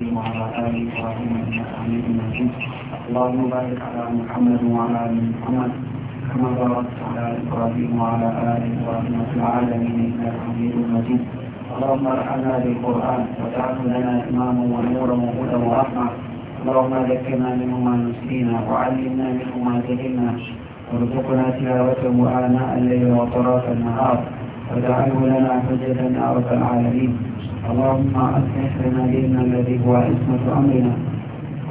اللهم بارك على محمد وعلى آل محمد كما باركت على إبراهيم وعلى آل إبراهيم في العالمين إنك حميد مجيد اللهم ارحمنا بالقرآن وجعله لنا إماما ونورا وهدى ورحمة اللهم ذكرنا منه ما نسينا وعلمنا منه ما جهلنا وارزقنا تلاوته آناء الليل وطراف النهار واجعله لنا حجة يا رب العالمين اللهم أصلح لنا ديننا الذي هو عصمة أمرنا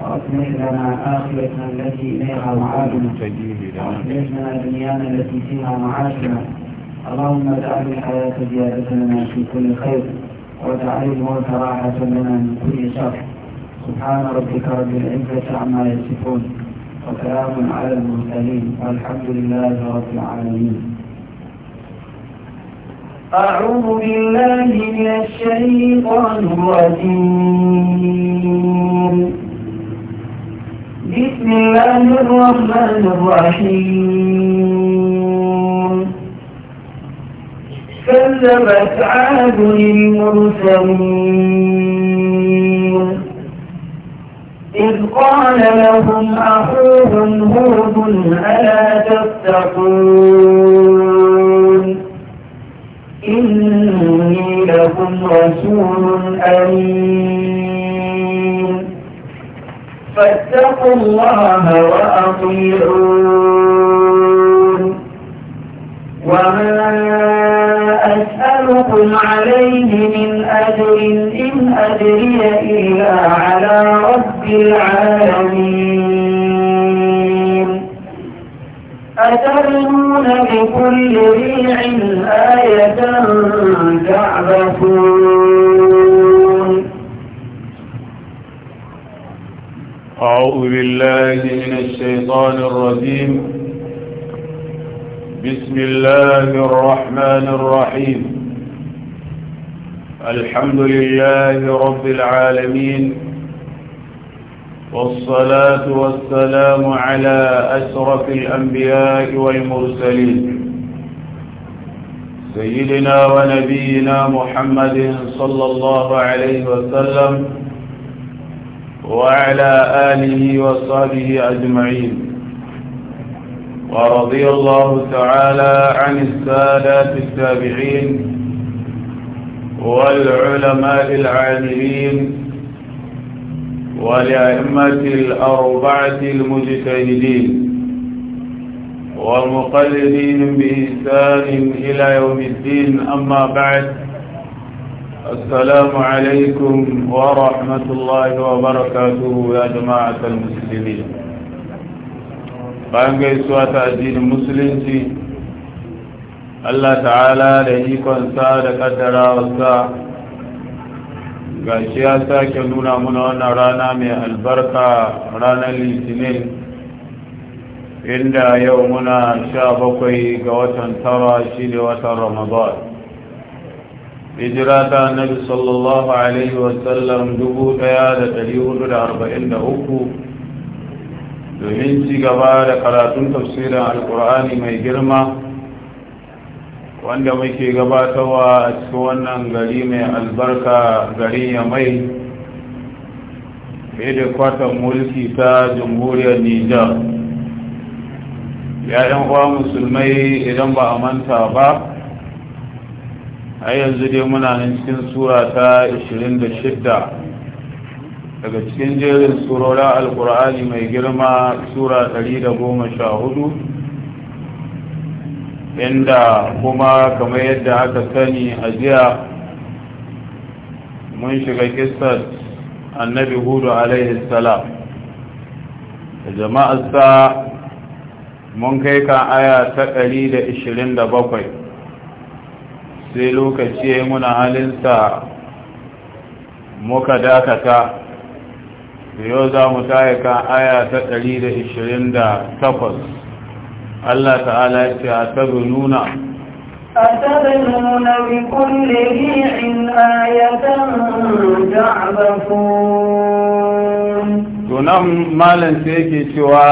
وأصلح لنا آخرتنا التي إليها معادنا وأصلح لنا دنيانا التي فيها معاشنا اللهم اجعل الحياة زيادة لنا في كل خير واجعل الموت راحة لنا من كل شر سبحان ربك رب العزة عما يصفون وسلام على المرسلين والحمد لله رب العالمين أعوذ بالله من الشيطان الرجيم بسم الله الرحمن الرحيم كذبت عاد المرسلين إذ قال لهم أخوهم هود ألا تتقون لكم رسول أمين فاتقوا الله وأطيعون وما أسألكم عليه من أجر إن أجري إلا على رب العالمين أترون يأتون بكل ريع آية تعبثون أعوذ بالله من الشيطان الرجيم بسم الله الرحمن الرحيم الحمد لله رب العالمين والصلاة والسلام على أشرف الأنبياء والمرسلين سيدنا ونبينا محمد صلى الله عليه وسلم وعلى آله وصحبه أجمعين ورضي الله تعالى عن السادات التابعين والعلماء العاملين والأئمة الأربعة المجتهدين والمقلدين بإنسان إلى يوم الدين أما بعد السلام عليكم ورحمة الله وبركاته يا جماعة المسلمين بانجي سواة الدين المسلم الله تعالى لديكم سادة قدر وساعة gashi ya sake nuna muna wannan rana mai albarka ranar litinin inda yau muna sha bakwai ga watan tara shi ne watan ramadan hijira na annabi sallallahu alaihi wasallam dubu daya da dari hudu da arba'in da uku domin ci gaba da karatun tafsirin alkur'ani mai girma wanda muke gabatarwa a cikin wannan gari mai albarka garin yamai da kwatan mulki ta jamhuriyar nijar yayan uwa musulmai idan ba a manta ba a yanzu dai muna nan cikin sura ta 26 daga cikin jerin surorin alkur'ani mai girma sura 114 inda kuma kamar yadda aka sani a jiya mun shiga kistar annabi hudu alaihi salam da jama'arsa mun kai kan aya ta ɗari da da bakwai sai lokaci muna halinsa muka dakata yau za mu ta kan aya ta ɗari da da takwas. Allah ta'ala ya ce a tabinuna أتبنون بكل ريع آية تعبثون تنم مالا سيكي سوى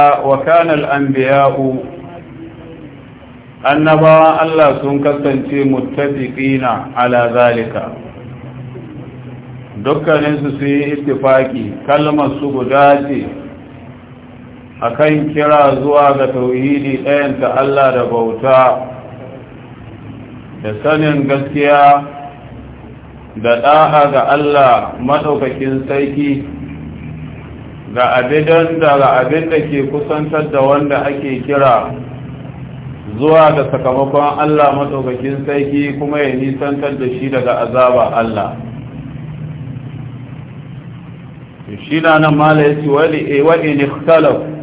annabawan Allah sun kasance muttafiqina ala zalika dukkaninsu su yi ittifaki kalmar su guda ce akan kira zuwa ga tauhidi ɗayan ta Allah da bauta da sanin gaskiya da ɗa'a ga Allah maɗaukakin sarki ga abidan da abin da ke kusantar da wanda ake kira zuwa da sakamakon Allah maɗaukakin sarki kuma ya nisantar da shi daga azaba Allah shi na nan mala ya ce wani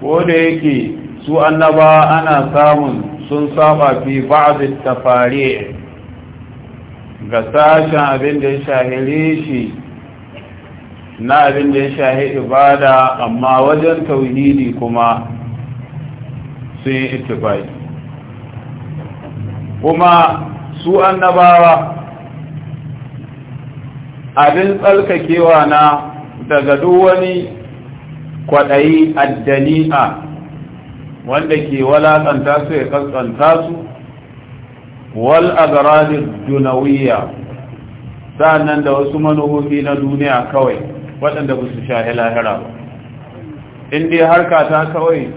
ko da yake su annaba ana samun sun saba fi ba'd tafari ga sashen abin da ya shahire shi na abin da ya shahi ibada amma wajen tauhidi kuma sun yi kuma su annabawa abin tsalkakewa na daga duk wani kwaɗayi addani'a wanda ke walakanta su ya kaskanta su wal agaralin dunawiya sa'annan da wasu manuhofi na duniya kawai waɗanda ba su shahi lahira ba in dai harka ta kawai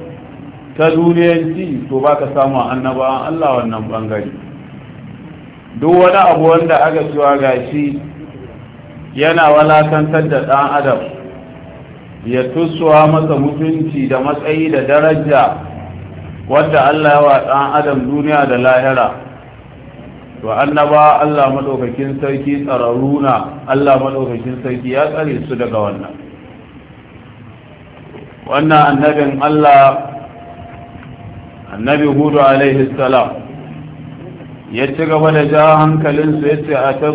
ta duniyanci to ba ka samu annaba Allah wannan bangare duk wani abu wanda aka cewa gashi yana walakantar da ɗan adam ya tusuwa masa mutunci da matsayi da daraja wadda Allah ya wa adam duniya da lahira to annaba Allah madaukakin sarki tsararuna Allah madaukakin sarki ya tsare su daga wannan wannan annabin Allah annabi hudu alaihi salam ya ci gaba da ja hankalinsu ya ce a ta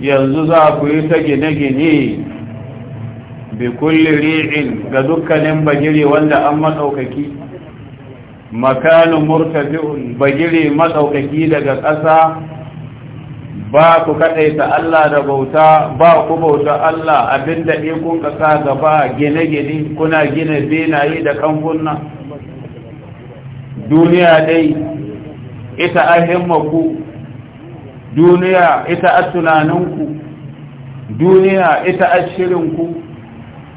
yanzu za ku yi ta gine-gine bi ri'in ga dukkanin bagire wanda an matsaukaki makanu murtafi'un bagire matsaukaki daga ƙasa ba ku kaɗaita Allah da bauta ba ku bauta Allah abinda in kun ƙasa gaba gine-gine kuna gina benaye da kamfuna duniya dai ita a duniya ita a tunaninku duniya ita a shirinku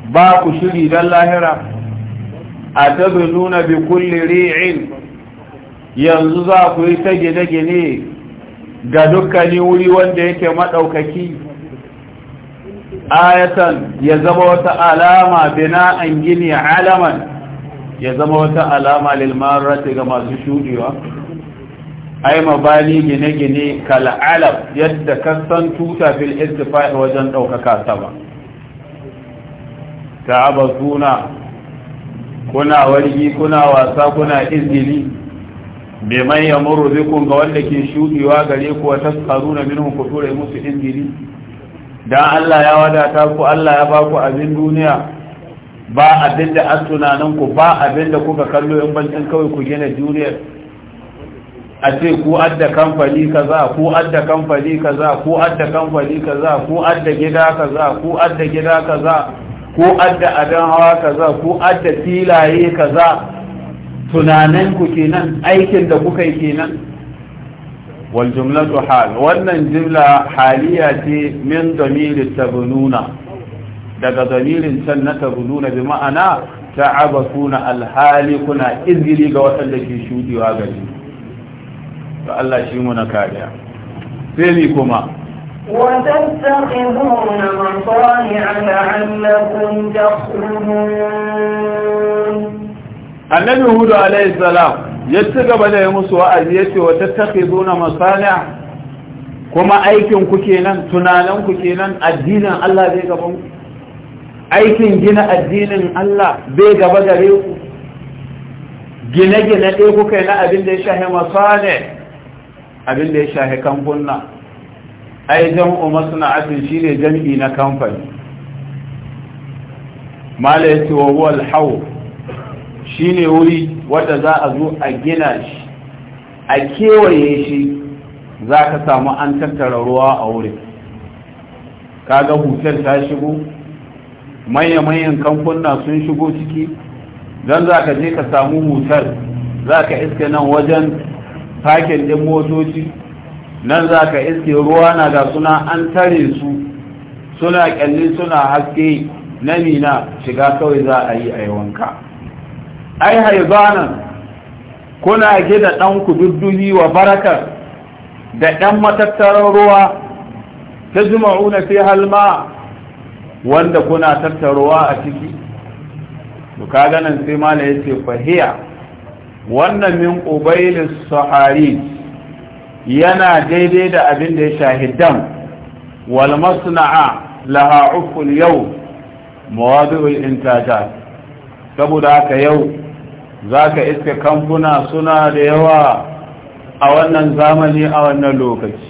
ba ku shiri don lahira a tabi nuna bi kulli ri'in yanzu za ku yi ta gine-gine ga dukkanin wuri wanda yake maɗaukaki ayatan ya zama wata alama an gini alaman ya zama wata alama lilmarati ga masu shudewa ai mabani gine-gine kal'alab yadda kasan tuta fil istifa'i wajen ɗaukaka sama ta'abasuna kuna wargi kuna wasa kuna izini bai man ya muru zikun ga wanda ke shuɗewa gare ku wata tsaro na minhum ku tura musu izgili dan Allah ya wadata ku Allah ya baku abin duniya ba abin da a tunanin ku ba abin da kuka kallo in bancin kawai ku gina duniyar a ce ku adda kamfani kaza ku adda kamfani kaza ku adda kamfani kaza ku adda gida kaza ku adda gida kaza ko adda adan hawa kaza ko adda filaye kaza tunanin ku kenan aikin da kuka yi kenan wal jumlatu hal wannan jumla haliya ce min damiri tabununa daga damirin can na tabununa bi ma'ana ta'abasuna alhali kuna izgiri ga waɗanda ke shudewa gari to Allah shi na kariya sai kuma وتتخذون مصانع لعلكم تخرجون annabi hudu alayhi salam ya ci gaba da ya musu wa'azi ya ce wa tattakhizuna masani'a kuma aikin ku kenan tunanan ku kenan addinin Allah bai gaban ku aikin gina addinin Allah bai gaba gare ku gine-gine ɗaya kuka na abin da ya shahe masani abin da ya shahe kamfunna ai jam'u masana'atin shine jam'i na kamfani mala yace wa huwa al-haw shine wuri wanda za a zo a gina shi a kewaye shi za ka samu an tattara ruwa a wurin kaga hutar ta shigo manya-manyan kamfuna sun shigo ciki don za ka je ka samu hutar za ka iska nan wajen fakin din motoci nan za ka iske ruwa na ga suna an tare su suna kyalli suna haske na nina shiga kawai za a yi a yawanka. ai haibanan kuna gina ɗan kududduhi wa barakar da ɗan matattarar ruwa ta jima'una fi halma wanda kuna tattarowa a ciki to kaga nan sai mala yace fahiya wannan min qubailis sahari yana daidai da abin da ya shahidan wal masna'a laha uful yau mawadi'ul intaja saboda haka yau zaka iska kamfuna suna da yawa a wannan zamani a wannan lokaci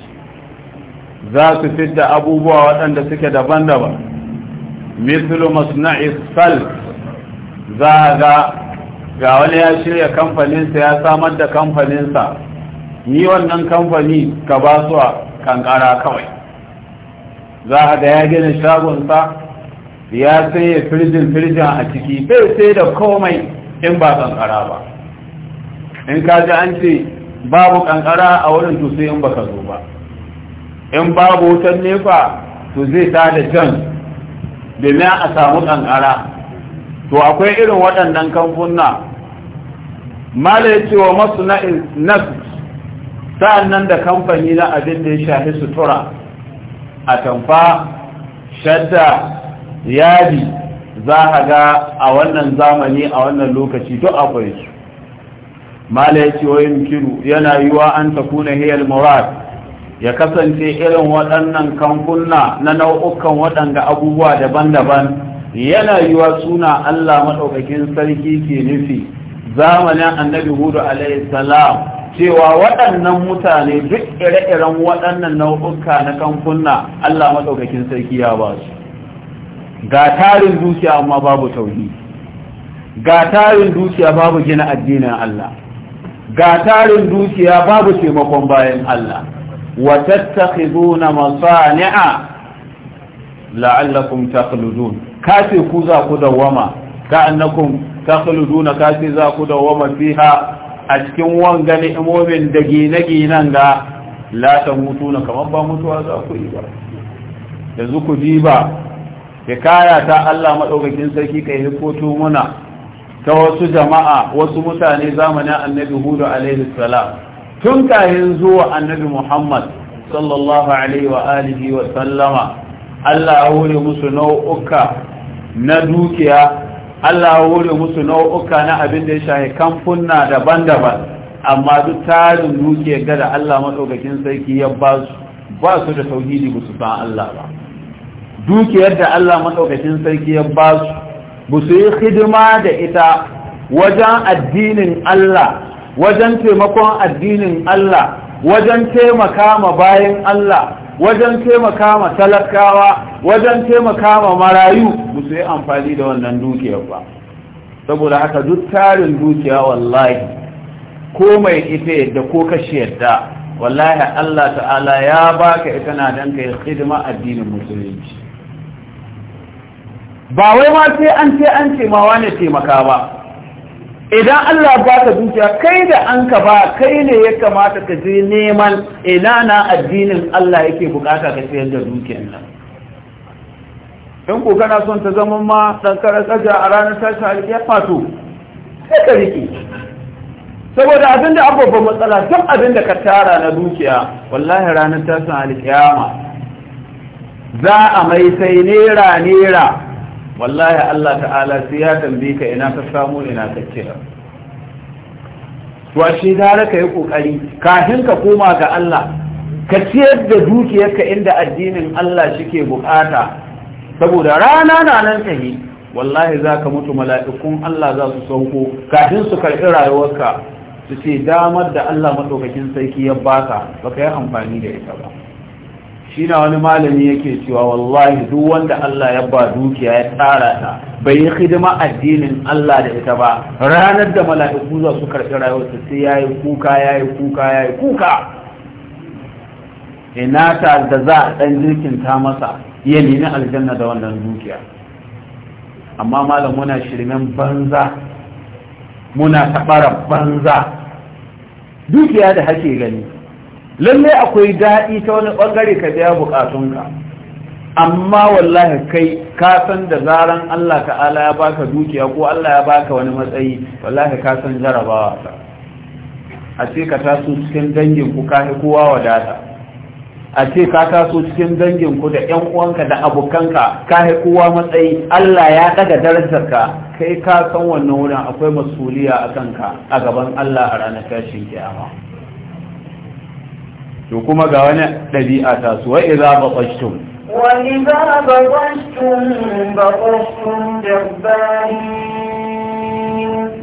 za su fidda abubuwa waɗanda suke daban-daban mithlu masna'i sal za ga ga wani ya shirya kamfaninsa ya samar da kamfaninsa yi wannan kamfani ka ba su a kankara kawai za a da ya gina shagonsa ya saye firjin firjin a ciki sai sai da komai in ba kankara ba in ka ji an ce babu kankara a wurin to sai in baka zo ba in babu wutan nefa to zai ta da jan domin a samu kankara to akwai irin waɗannan kamfuna mala ya ce wa masu na'in nasu sa'annan da kamfani na abin da ya shafi sutura a tamfa shadda yadi za a ga a wannan zamani a wannan lokaci to akwai su mala ya kiru yana yiwa an takuna hiyar murad ya kasance irin waɗannan kamfuna na nau'ukan waɗanda abubuwa daban-daban yana yiwa suna allah maɗaukakin sarki ke nufi zamanin annabi hudu alaihi salam cewa waɗannan mutane duk ire-iren waɗannan nau'uka na kamfunna Allah maɗaukakin sarki ya ba su ga tarin dukiya amma babu tauhi. ga tarin dukiya babu gina addinin Allah ga tarin dukiya babu taimakon bayan Allah wa tattakhiduna masani'a la'allakum takhludun kace ku za ku dawama ka annakum takhluduna kace za ku dawama fiha a cikin wanga ni'imomin da gine-ginen ga la mutu na kamar ba mutuwa za ku yi ba yanzu ku ji ba kaya ta Allah maɗaukakin sarki kai hukutu muna ta wasu jama'a wasu mutane zamanin annabi hudu alaihi salam tun kayan zuwa annabi muhammad sallallahu alaihi wa alihi wa sallama Allah ya hore musu nau'uka na dukiya Allah wuri musu nau'uka na abin da ya shahi kamfuna daban-daban amma duk tarin duke ga da Allah madaukakin sarki ya ba su ba su da tauhidi ba su san Allah ba dukiyar da Allah madaukakin sarki ya ba su ba su yi hidima da ita wajen addinin Allah wajen taimakon addinin Allah wajen taimaka ma bayan Allah wajen taimaka ma talakawa wajen taimaka ma marayu ba yi amfani da wannan dukiyar ba saboda haka duk tarin dukiya wallahi ko mai ita yadda ko kashi yadda wallahi Allah ta'ala ya baka ita na dan yi hidima addinin musulunci ba wai ma sai an ce an ce ma wane taimaka ba idan Allah ba ka dukiya kai da an ka ba kai ne ya kamata ka je neman ina na addinin Allah yake bukata ka sayar da dukiyar nan in ko kana son ta zama ma dan kaja a ranar tashin ya fato, sai ka rike saboda abin da abubuwan matsala duk abin da ka tara na dukiya wallahi ranar tashin ma za a mai sai nera nera wallahi Allah ta'ala sai ya tambaye ka ina ka samu ina ka kira to shi gara ka yi kokari kafin ka koma ga Allah ka ciyar da dukiyarka inda addinin Allah shike bukata saboda rana na nan tsaye wallahi zaka mutu mala'ikun Allah za su sauko kafin su karɓi rayuwarka su ce damar da Allah maɗaukakin sarki ya baka baka yi amfani da ita ba shi na wani malami yake cewa wallahi duk wanda Allah ya ba dukiya ya tsara ta bai yi hidima addinin Allah da ita ba ranar da mala'iku za su karɓi rayuwarsa sai ya yi kuka ya yi kuka ya yi kuka ina ta da za a ɗan jirkin ta masa ya nemi aljanna da wannan dukiya amma malam muna shirmen banza muna taɓara banza dukiya da hake gani Lallai akwai daɗi ta wani ɓangare ka biya buƙatunka amma wallahi kai ka san da zaran Allah ta'ala ya baka dukiya ko Allah ya baka wani matsayi wallahi ka san jarabawa ta a ce ka taso cikin dangin ku ka kowa wadata a ce ka taso cikin dangin ku da ƴan uwanka da abokanka ka kowa matsayi Allah ya daga ka kai ka san wannan wurin akwai masuliya akan ka a gaban Allah a ranar tashin kiyama to kuma ga wani ɗabi'a ta su wai Wani za wa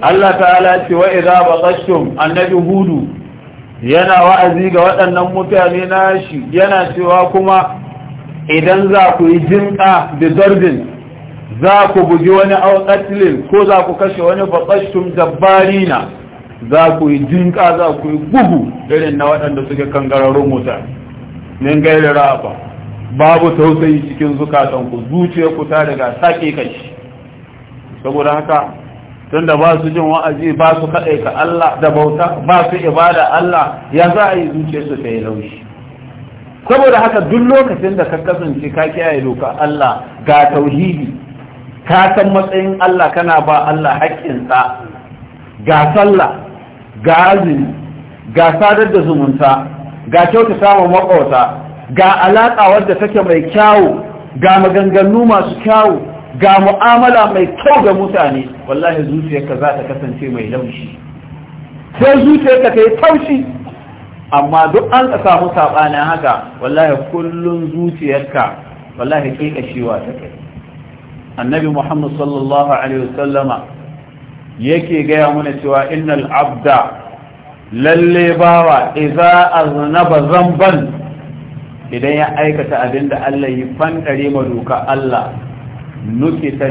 Allah ta'ala ce za ba batashtum annabi hudu yana wa'azi ga waɗannan mutane nashi yana cewa kuma idan za ku yi jinƙa da zargin za ku bugi wani auƙatilin ko za ku kashe wani batashtum na za ku yi jinka za ku yi gugu irin na waɗanda suke kan kangararrun mutane min gairi ba babu tausayi cikin zukatanku zuciya ku ta daga sake kashi saboda haka tunda ba su jin wa'azi ba su kaɗai ka Allah da bauta ba su ibada Allah ya za a yi su ta yi laushi saboda haka duk lokacin da ka kasance ka kiyaye doka Allah ga tauhidi ka san matsayin Allah kana ba Allah haƙƙinsa ga sallah ga azumi ga sadar da zumunta ga kyauta samun makauta ga alaƙa wadda take mai kyawu ga maganganu masu kyawu ga mu'amala mai kyau ga mutane wallahi zuciyarka za ta kasance mai laushi sai zuciyarka ta yi taushi amma duk an ka samu saɓanin haka wallahi kullum zuciyarka wallahi ƙiƙashewa ta kai annabi muhammad sallallahu alaihi wasallama yake gaya mana cewa innal abda lalle bawa idza aznaba zamban idan ya aikata abinda Allah yi fandare ma doka Allah nuke ta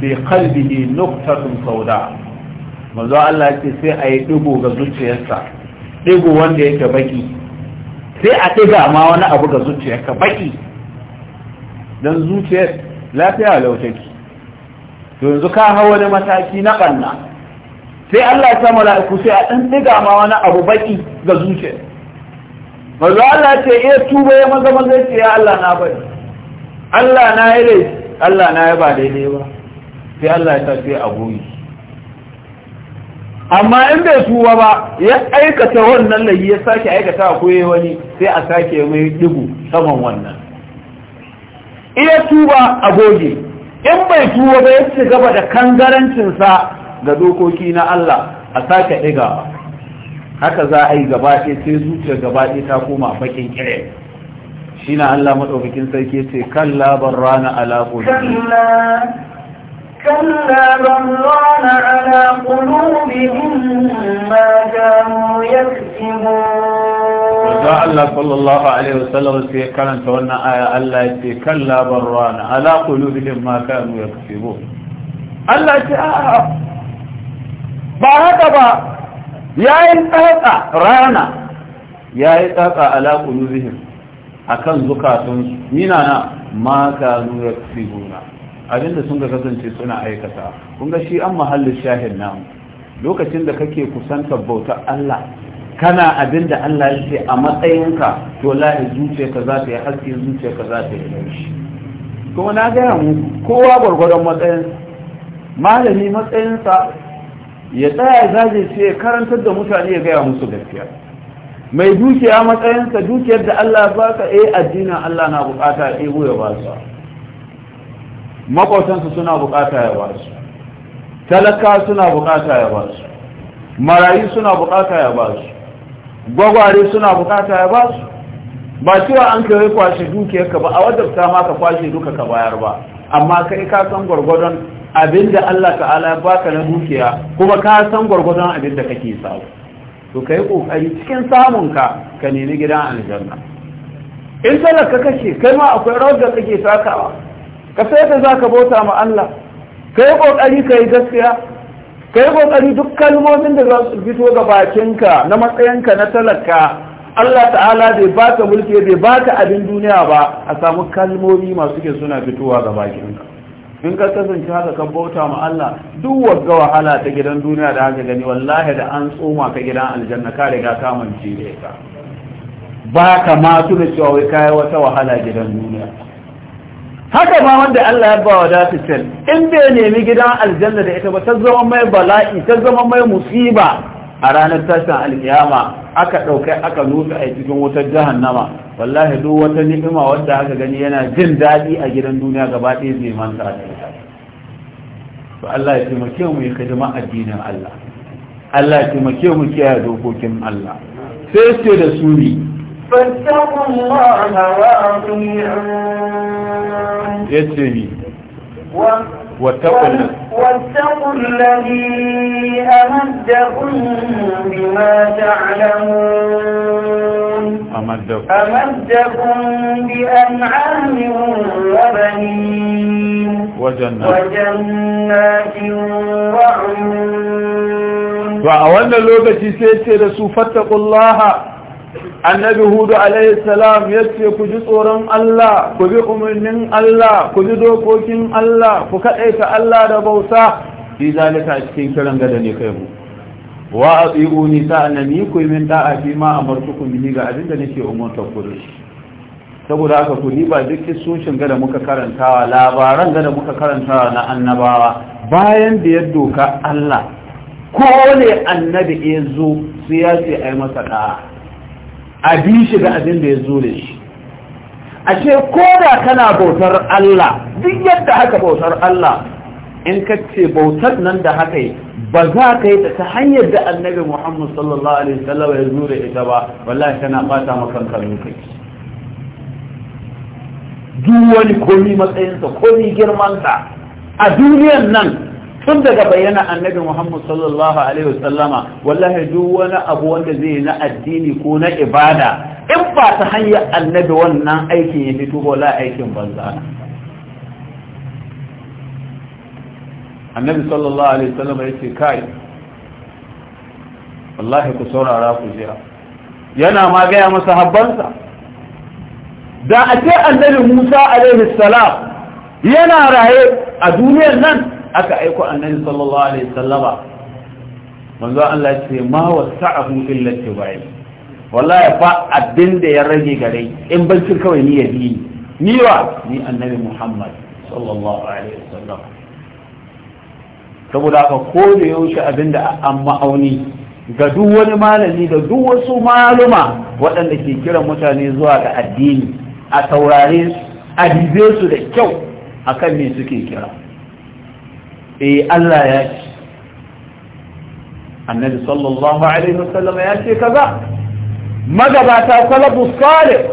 fi qalbihi nuqtatun sauda manzo Allah ce sai a yi digo ga zuciyarsa digo wanda yake baki sai a diga ma wani abu ga zuciyarka baki dan zuciyar lafiya lautaki to yanzu ka hau wani mataki na ɓanna sai Allah ya mala'iku sai a ɗan ɗiga ma wani abu baƙi ga zuciya manzo Allah ce iya eh, tuba ya maza maza ce ya Allah na bari Allah na yi laifi Allah na yi ba daidai ba sai Allah ya sa sai a goyi amma in bai tuba ba ya aikata wannan layi ya sake aikata a koye wani sai a sake mai digu saman wannan iya tuba a goge in bai tuwo ba ya ci gaba da kangarancinsa ga dokoki na Allah a sake ɗiga haka za a yi gaba ɗaya sai zuciya gaba ɗaya ta koma bakin kire shi na Allah maɗaukakin sarki ce kan labar rana ala manzo Allah sallallahu alaihi wasallam sai karanta wannan aya Allah ya ce kan kalla barwana ala qulubihim ma kanu yaksubu Allah ya ce ba haka ba Ya yi tsatsa rana ya yi tsatsa ala a kan zukatun nina na ma kanu yaksubuna abinda sun ga kasance suna aikata kun ga shi an mahallin shahin namu lokacin da kake kusantar bautar Allah kana abin da Allah ya ce a matsayinka to lahi ka za ta yi haske ka za ta yi laushi kuma na gaya muku. kowa gwargwadon matsayin malami matsayinsa ya tsaya zaje ce ya karantar da mutane ya gaya musu gaskiya mai dukiya matsayinsa dukiyar da Allah ba ka eh addinin Allah na bukata eh ya ba su makwatansa suna bukata ya basu. su talaka suna bukata ya basu. marayu suna bukata ya basu. gwagware suna bukata ya ba su ba cewa an kai kwashe dukiyarka ba a wadabta ma ka kwashe duka ka bayar ba amma kai ka san gwargwadon abinda Allah ta'ala ya baka na dukiya kuma ka san gwargwadon da kake samu to kai kokari cikin samun ka ka nemi gidan aljanna in ka kake kai ma akwai rawar da kake takawa ka sai ka zaka bauta ma Allah kai kokari kai gaskiya ka yi kokari duk kalmomin da za su fito ga bakinka na matsayinka na talaka Allah ta'ala bai ka mulki bai baka abin duniya ba a samu kalmomi masu ke suna fitowa ga bakinka in ka kasance haka ka bauta ma Allah duk wagga wahala ta gidan duniya da haka gani wallahi da an tsoma ka gidan aljanna ka riga ka mance da ita ba ka ma tuna cewa wai kai wata wahala gidan duniya haka ba wanda Allah ya ba wa datatel in bai nemi gidan aljanna da ita ba ta zama mai bala'i ta zama mai musiba a ranar tashin alkiyama aka ɗaukai aka nusa a cikin wutar jahannama wallahi duk wata ni'ima wadda aka gani yana jin daɗi a gidan duniya gaba ɗaya zai manta da ita to Allah ya taimake mu ya addinin Allah Allah ya taimake mu kiyaye dokokin Allah sai ce da suri فاتقوا الله وأطيعون واتقوا واتقوا الذي أمدكم بما تعلمون أمدكم, أمدكم بأنعام وبنين وجنات, وجنات وعيون وأولنا لوبة سيسير سوفتقوا الله annabi hudu alaihi salam ya ce ku ji tsoron Allah ku bi umarnin Allah ku ji dokokin Allah ku kaɗaita Allah da bauta fi zalika a cikin kiran gada ne kai mu wa atiu ni annabi ku min da'a fi ma ku ga abin da nake umarta ku da shi saboda haka ku ni ba duk kisoshin gada muka karantawa labaran gada muka karantawa na annabawa bayan da ya doka Allah ko ne annabi ya zo sai ya ce ai masa da'a a bi shi ga abin da ya zure da shi ashe ko da kana bautar Allah duk yadda haka bautar Allah in ka ce bautar nan da haka yi ba za ka yi ta hanyar da annabi Muhammad sallallahu alaihi wasallam ya zo da ita ba wallahi tana fata maka karin kai duk wani komi matsayinsa komi girmansa a duniyan nan tun daga bayyana annabi Muhammad sallallahu alaihi wasallama wallahi duk wani abu wanda zai na addini ko na ibada in ba ta hanyar annabi wannan aikin ya fito ko la aikin banza annabi sallallahu alaihi wasallama yace kai wallahi ku saurara ku jira yana ma gaya masa habbansa da a ce annabi Musa alaihi salam yana raye a duniyar nan aka aiko annabi sallallahu alaihi sallama. manzo Allah ya ce ma wasa'ahu illa tibai wallahi fa abin da ya rage gare in bancin kawai ni ya bi ni wa ni annabi Muhammad sallallahu alaihi wasallama saboda ka ko da yaushe abinda an ma'auni ga duk wani malami da duk wasu maluma waɗanda ke kiran mutane zuwa ga addini a taurare su a su da kyau akan me suke kira eh Allah ya ce annabi sallallahu alaihi wasallam ya ce kaza magabata salafu salih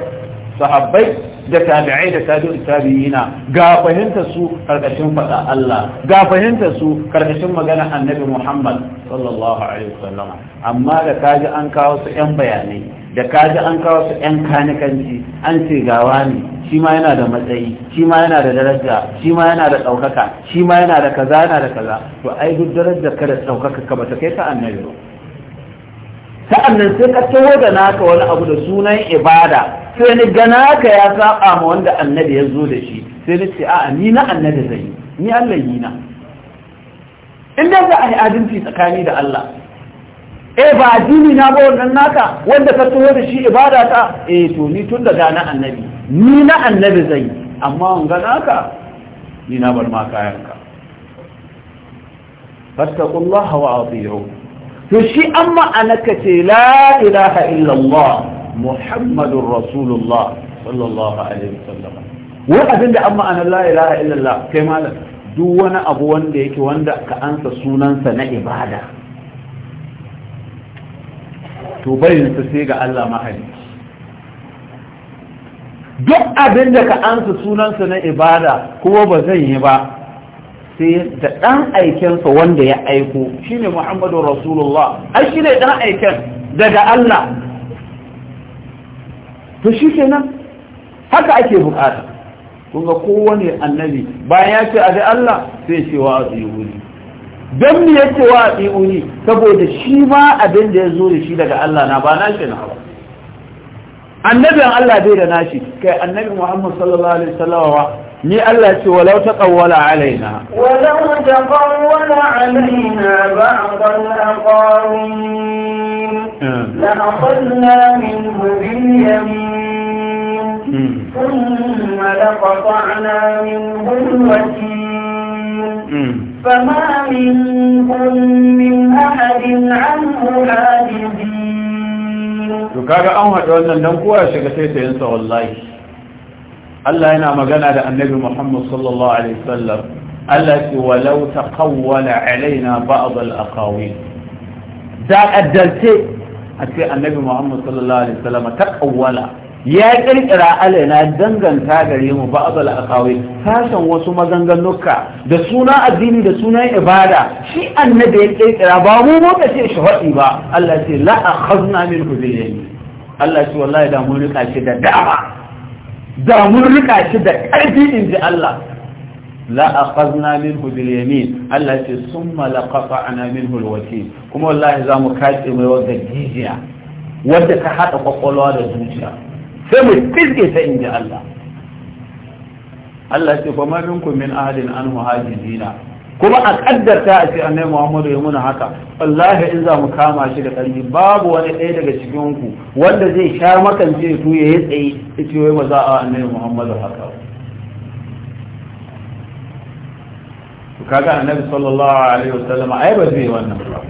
sahabbai da tabi'ai da tabi'u tabi'ina ga fahimta su karkashin faɗa Allah ga fahimta su karkashin magana annabi Muhammad sallallahu alaihi wasallam amma da kaji an kawo su 'yan bayanai da kaji an kawo su 'yan kanikanci an ce gawa ne shi ma yana da matsayi shi ma yana da daraja shi ma yana da ɗaukaka shi ma yana da kaza yana da kaza to ai duk darajar ka da ɗaukaka ka bata kai ta annabi ba sa'annan sai ka taho da naka wani abu da sunan ibada sai ni ga naka ya saba ma wanda annabi ya zo da shi sai ni ce a'a ni na annabi yi. ni Allah yi na in da za a yi adalci tsakani da Allah E ba addini na ba wannan naka wanda ka tsoro da shi ibada ta eh to ni tun da na annabi ni na annabi zai amma wanga naka ni na bar ma kayanka fattaqullaha wa atiyu to shi amma anaka ce la ilaha illa allah muhammadur rasulullah sallallahu alaihi wasallam wai abinda amma anan la ilaha illa allah kai malam duk wani abu wanda yake wanda ka ansa sunansa na ibada to sai ga Allah mahalicci duk abin da ka ansa sunansa na ibada kuma ba zan yi ba sai da ɗan aikensa wanda ya aiko shine Muhammadu Rasulullah ai shine ɗan aiken daga Allah to shi kenan haka ake bukata kun ga kowane annabi bayan ya ce a Allah sai ce wa a don ne yake wa a tsi'uni saboda shi ma abin da ya zo da shi daga Allah na ba nashi na hawa annabin Allah bai da nashi kai annabi Muhammad sallallahu alaihi wasallam ni Allah ce walau taqawwala alaina walau taqawwala alaina ba'd al-aqawin la aqadna minhu bil yamin thumma فما منكم من أحد عنه حاجزين وكاغا أن هذا wannan dan kowa shiga sai sayin sa wallahi Allah yana magana da Annabi Muhammad sallallahu alaihi wasallam Allah ki walau taqawwala alaina ba'd al-aqawil da addalte a ce Annabi Muhammad sallallahu alaihi wasallam taqawwala ya kirkira alaina danganta gare mu ba abal akawai sashen wasu mazangannuka da suna addini da suna ibada shi annabi ya kirkira ba mu muka ce shahadi ba Allah ce la akhazna min bil yamin Allah ce wallahi da mun rika shi da dama da mun rika shi da karfi inji Allah la akhazna min bil yamin Allah ce summa laqata'na minhu al watil kuma wallahi za mu kace mai wadda jijiya wadda ta hada kwakwalwa da zuciya sai mu fizge ta in ji Allah Allah ce fa ma ku min ahadin an muhajirina kuma a kaddarta a ce annabi Muhammadu ya muna haka wallahi in za mu kama shi da ƙarfi babu wani ɗaya daga cikin ku wanda zai sha makance tu ya yi tsaye ya ce wai ba za a annabi Muhammadu haka kaga annabi sallallahu alaihi wasallam ai ba zai wannan ba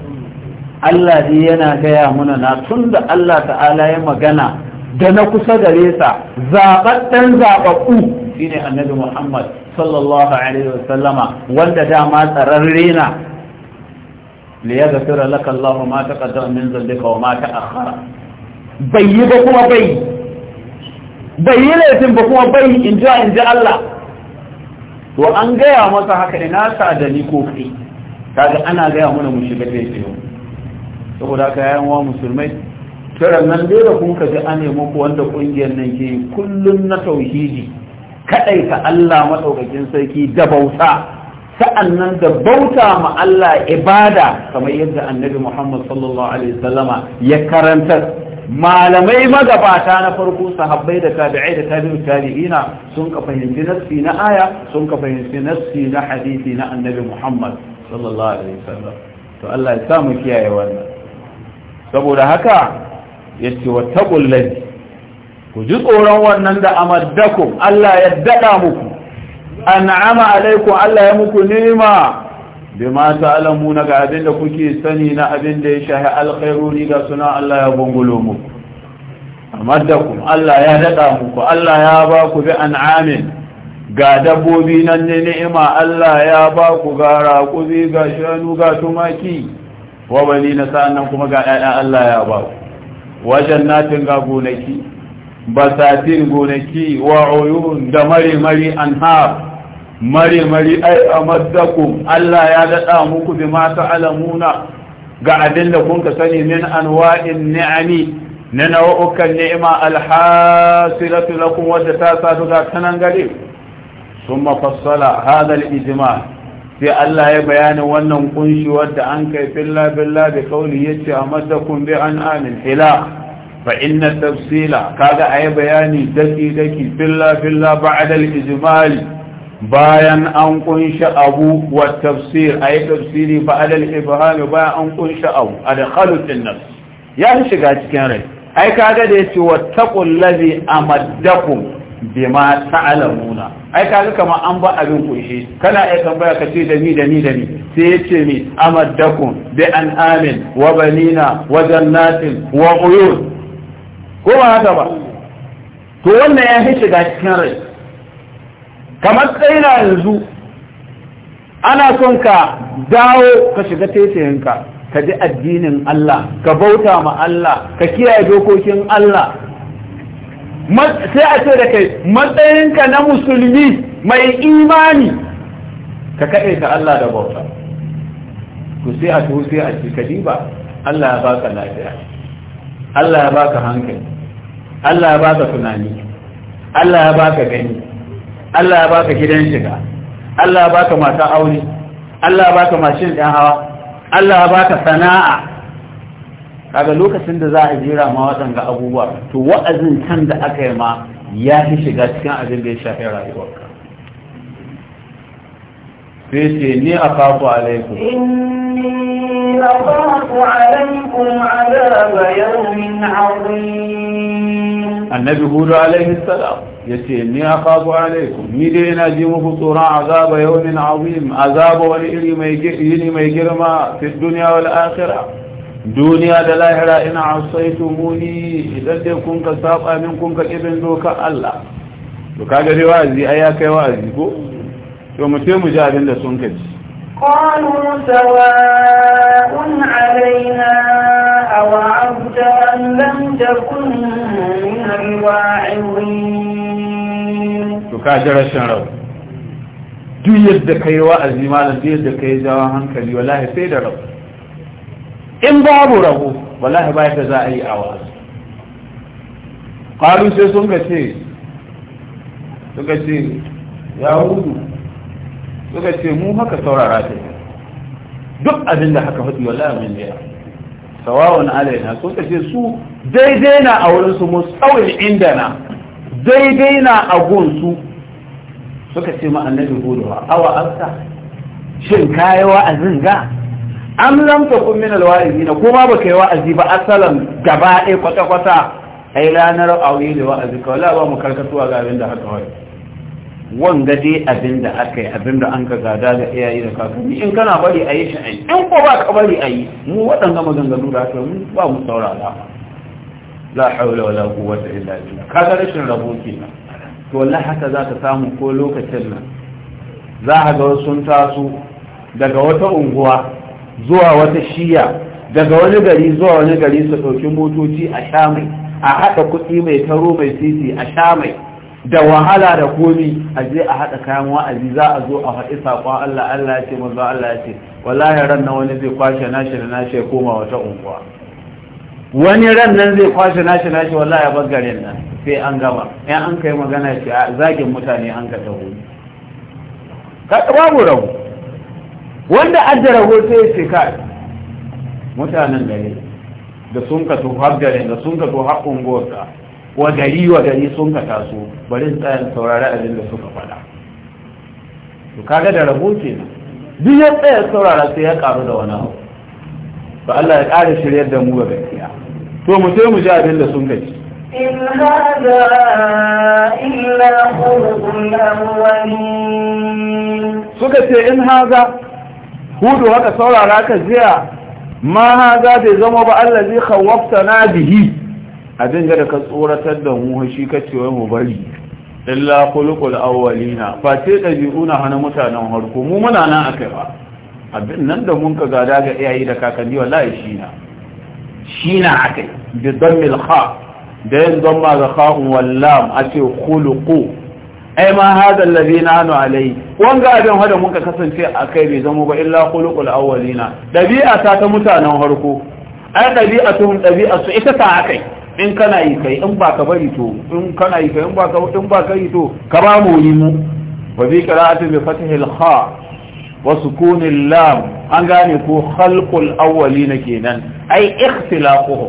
Allah dai yana gaya muna na tunda Allah ta'ala ya magana da na kusa gare sa zaɓaɓɓen zaɓaɓɓu shine annabi Muhammad sallallahu alaihi wasallama wanda dama tsararre na liyaghfira laka Allahu ma taqaddama min dhanbika wa ma ta'akhkhara bai yi ba kuma bai bai yi laifin ba kuma bai in ji in ji Allah to an gaya masa haka ina sa da ni ko kai kaga ana gaya mana mu shiga da yake saboda haka yayan wa musulmai kiran nan dai da kun kaji an wanda kungiyar nan ke kullum na tauhidi kadai ta Allah madaukakin sarki da bauta nan da bauta ma Allah ibada kamar yadda annabi Muhammad sallallahu alaihi wasallama ya karantar malamai magabata na farko sahabbai da tabi'ai da tabi'u tabi'ina sun ka fahimci nassi na aya sun ka fahimci nassi na hadisi na annabi Muhammad sallallahu alaihi wasallam to Allah ya samu kiyaye wannan saboda haka ya ce wa ku ji tsoron wannan da amaddakum Allah ya daɗa muku an'ama alaikum Allah ya muku nema bi ma ta'lamu na ga abin da kuke sani na abin da ya shahi alkhairuni ga suna Allah ya gungulo muku amaddakum Allah ya daɗa muku Allah ya ba ku bi an'amin ga dabbobi nan ne ni'ima Allah ya ba ku ga ga shanu ga tumaki wa bani na sa'an nan kuma ga 'ya'ya Allah ya ba ku wa jannatin ga gonaki basatin gonaki wa uyun da mare-mare anhar mare-mare ai amaddakum Allah ya daɗa muku bi ma ta'lamuna ga abin da kun ka sani min anwa'in ni'ami na nau'ukan ni'ima alhasilatu lakum wadda ta sadu ga kanan gare ثم فصل هذا الإجماع sai Allah ya bayani wannan kunshi wadda an kai filla billa da kauli yace amaddakum bi an'amin hila fa inna tafsila kaga yi bayani daki daki filla filla ba'da al-ijmal bayan an kunshi abu wa tafsir ayi tafsiri ba'da al-ibham bayan an kunshi abu A da an nan. ya shiga cikin rai ai kaga da yace wattaqul ladhi amaddakum bima ta'lamuna ai ga kamar an ba abin kunshi kana ai tambaya ka ce da ni da ni da ni sai yace ni amaddakum bi an'amin wa banina wa jannatin wa uyun ko ba haka ba to wannan ya fi shiga cikin rai kamar tsaina yanzu ana son ka dawo ka shiga taitayinka ka ji addinin Allah ka bauta ma Allah ka kiyaye dokokin Allah sai a ce da kai matsayinka na musulmi mai imani ka kaɗe ta Allah da bauta ku sai a tuhu sai a ci ka diba Allah ya baka lafiya Allah ya baka hankali Allah ya baka tunani Allah ya baka gani Allah ya baka gidan shiga Allah ya baka mata aure Allah ya baka mashin ɗan hawa Allah ya baka sana'a kaga lokacin da za a jera ma waɗanga abubuwa to wa'azin can da aka yi ma ya fi shiga cikin abin da ya shafi ka sai ce ni a kafu alaiku annabi hudu alaihi salam ya ce ni a kafu alaiku ni dai yana ji muku tsoron azaba yau min azaba wani iri mai girma fi duniya wal akhirah duniya da lahira ina asaitu muni idan dai kun ka saba min kun ka ibin doka Allah to kaga dai wa'azi ai ya kai wa'azi ko to mu sai mu ji abin da sun kaji qalu sawa'un alaina aw abda an lam takun min al-wa'izin to ka jira shan rabu duk yadda kai wa'azi malam duk yadda kai jawo hankali wallahi sai da rabu in babu rahu wallahi ba ta za a yi awa ƙaru sai sun ga ce suka ce ya hudu suka ce mu haka saurara ta duk abin da haka hudu wallahi mun ne sawawon alaina suka ce su daidai na a wurinsu mu tsawon inda na daidai na a gonsu suka ce ma annabi hudu awa an sa shin kayi wa'azin ga an lamta kun min alwa'izi na kuma ba kai wa'azi ba asalan gaba ɗaya kwata-kwata a yi ranar auyi da wa'azi kawai la ba mu karkatuwa ga abin da haka wai wanga dai abin da aka yi abin da an ka gada ga iyaye da kakanni in kana bari a yi shi a yi in ko ba ka bari a yi mu waɗanda maganganu da aka yi ba mu saura saurara la haula wala quwwata illa billah kaga rashin rabo kenan to wallahi haka za ka samu ko lokacin nan za ka ga sun taso daga wata unguwa zuwa wata shiya daga wani gari zuwa wani gari su ɗauki motoci a sha mai a haɗa kuɗi mai taro mai titi a sha mai da wahala da komi a je a haɗa kayan wa'azi za a zo a faɗi saƙon Allah Allah ya ce maza Allah ya ce wallahi ran nan wani zai kwashe nashi da nashi koma wata unguwa wani ran nan zai kwashe nashi nashi wallahi ya bar garin nan sai an gama in an kai magana ce a zagin mutane an ka taho ka babu rabu wanda adda rahoto ya ce kai mutanen gari da sun ka to har da sun ka to har unguwarsa wa gari wa gari sun ka taso bari tsayin saurari abin da suka faɗa to kaga da rahoto kenan duk ya tsaya saurara sai ya karu da wani abu to Allah ya ƙara shiryar da mu ga gaskiya to mu sai mu ji abin da sun gaji haza هذا إلا خلق Suka ce in haza. hudu haka saurara ka jiya ma haza bai zama ba Allah zai khawafta na bihi abin da ka tsoratar da mu shi ka ce wai mu bari illa kulukul awwalina fa ce dabi'una hana mutanen harko mu muna nan akai ba abin nan da mun ka gada ga iyayi da kakanni wallahi shi na shi na akai bi dammil kha da yin dhamma ga kha'un wallam ace khuluqu ai ma hada allazi nanu alai wanga abin hada mun ka kasance a kai bai zama ba illa khuluqul awwalina dabi'a ta ta mutanen harko ai dabi'atuhum dabi'atu ita ta akai in kana yi kai in ba ka bari to in kana yi kai in ba ka in ba yi to ka ba mu yi mu wa bi qira'atin bi fathil kha wa sukunil lam an gane ko khalqul awwalina kenan ai ikhtilaquhum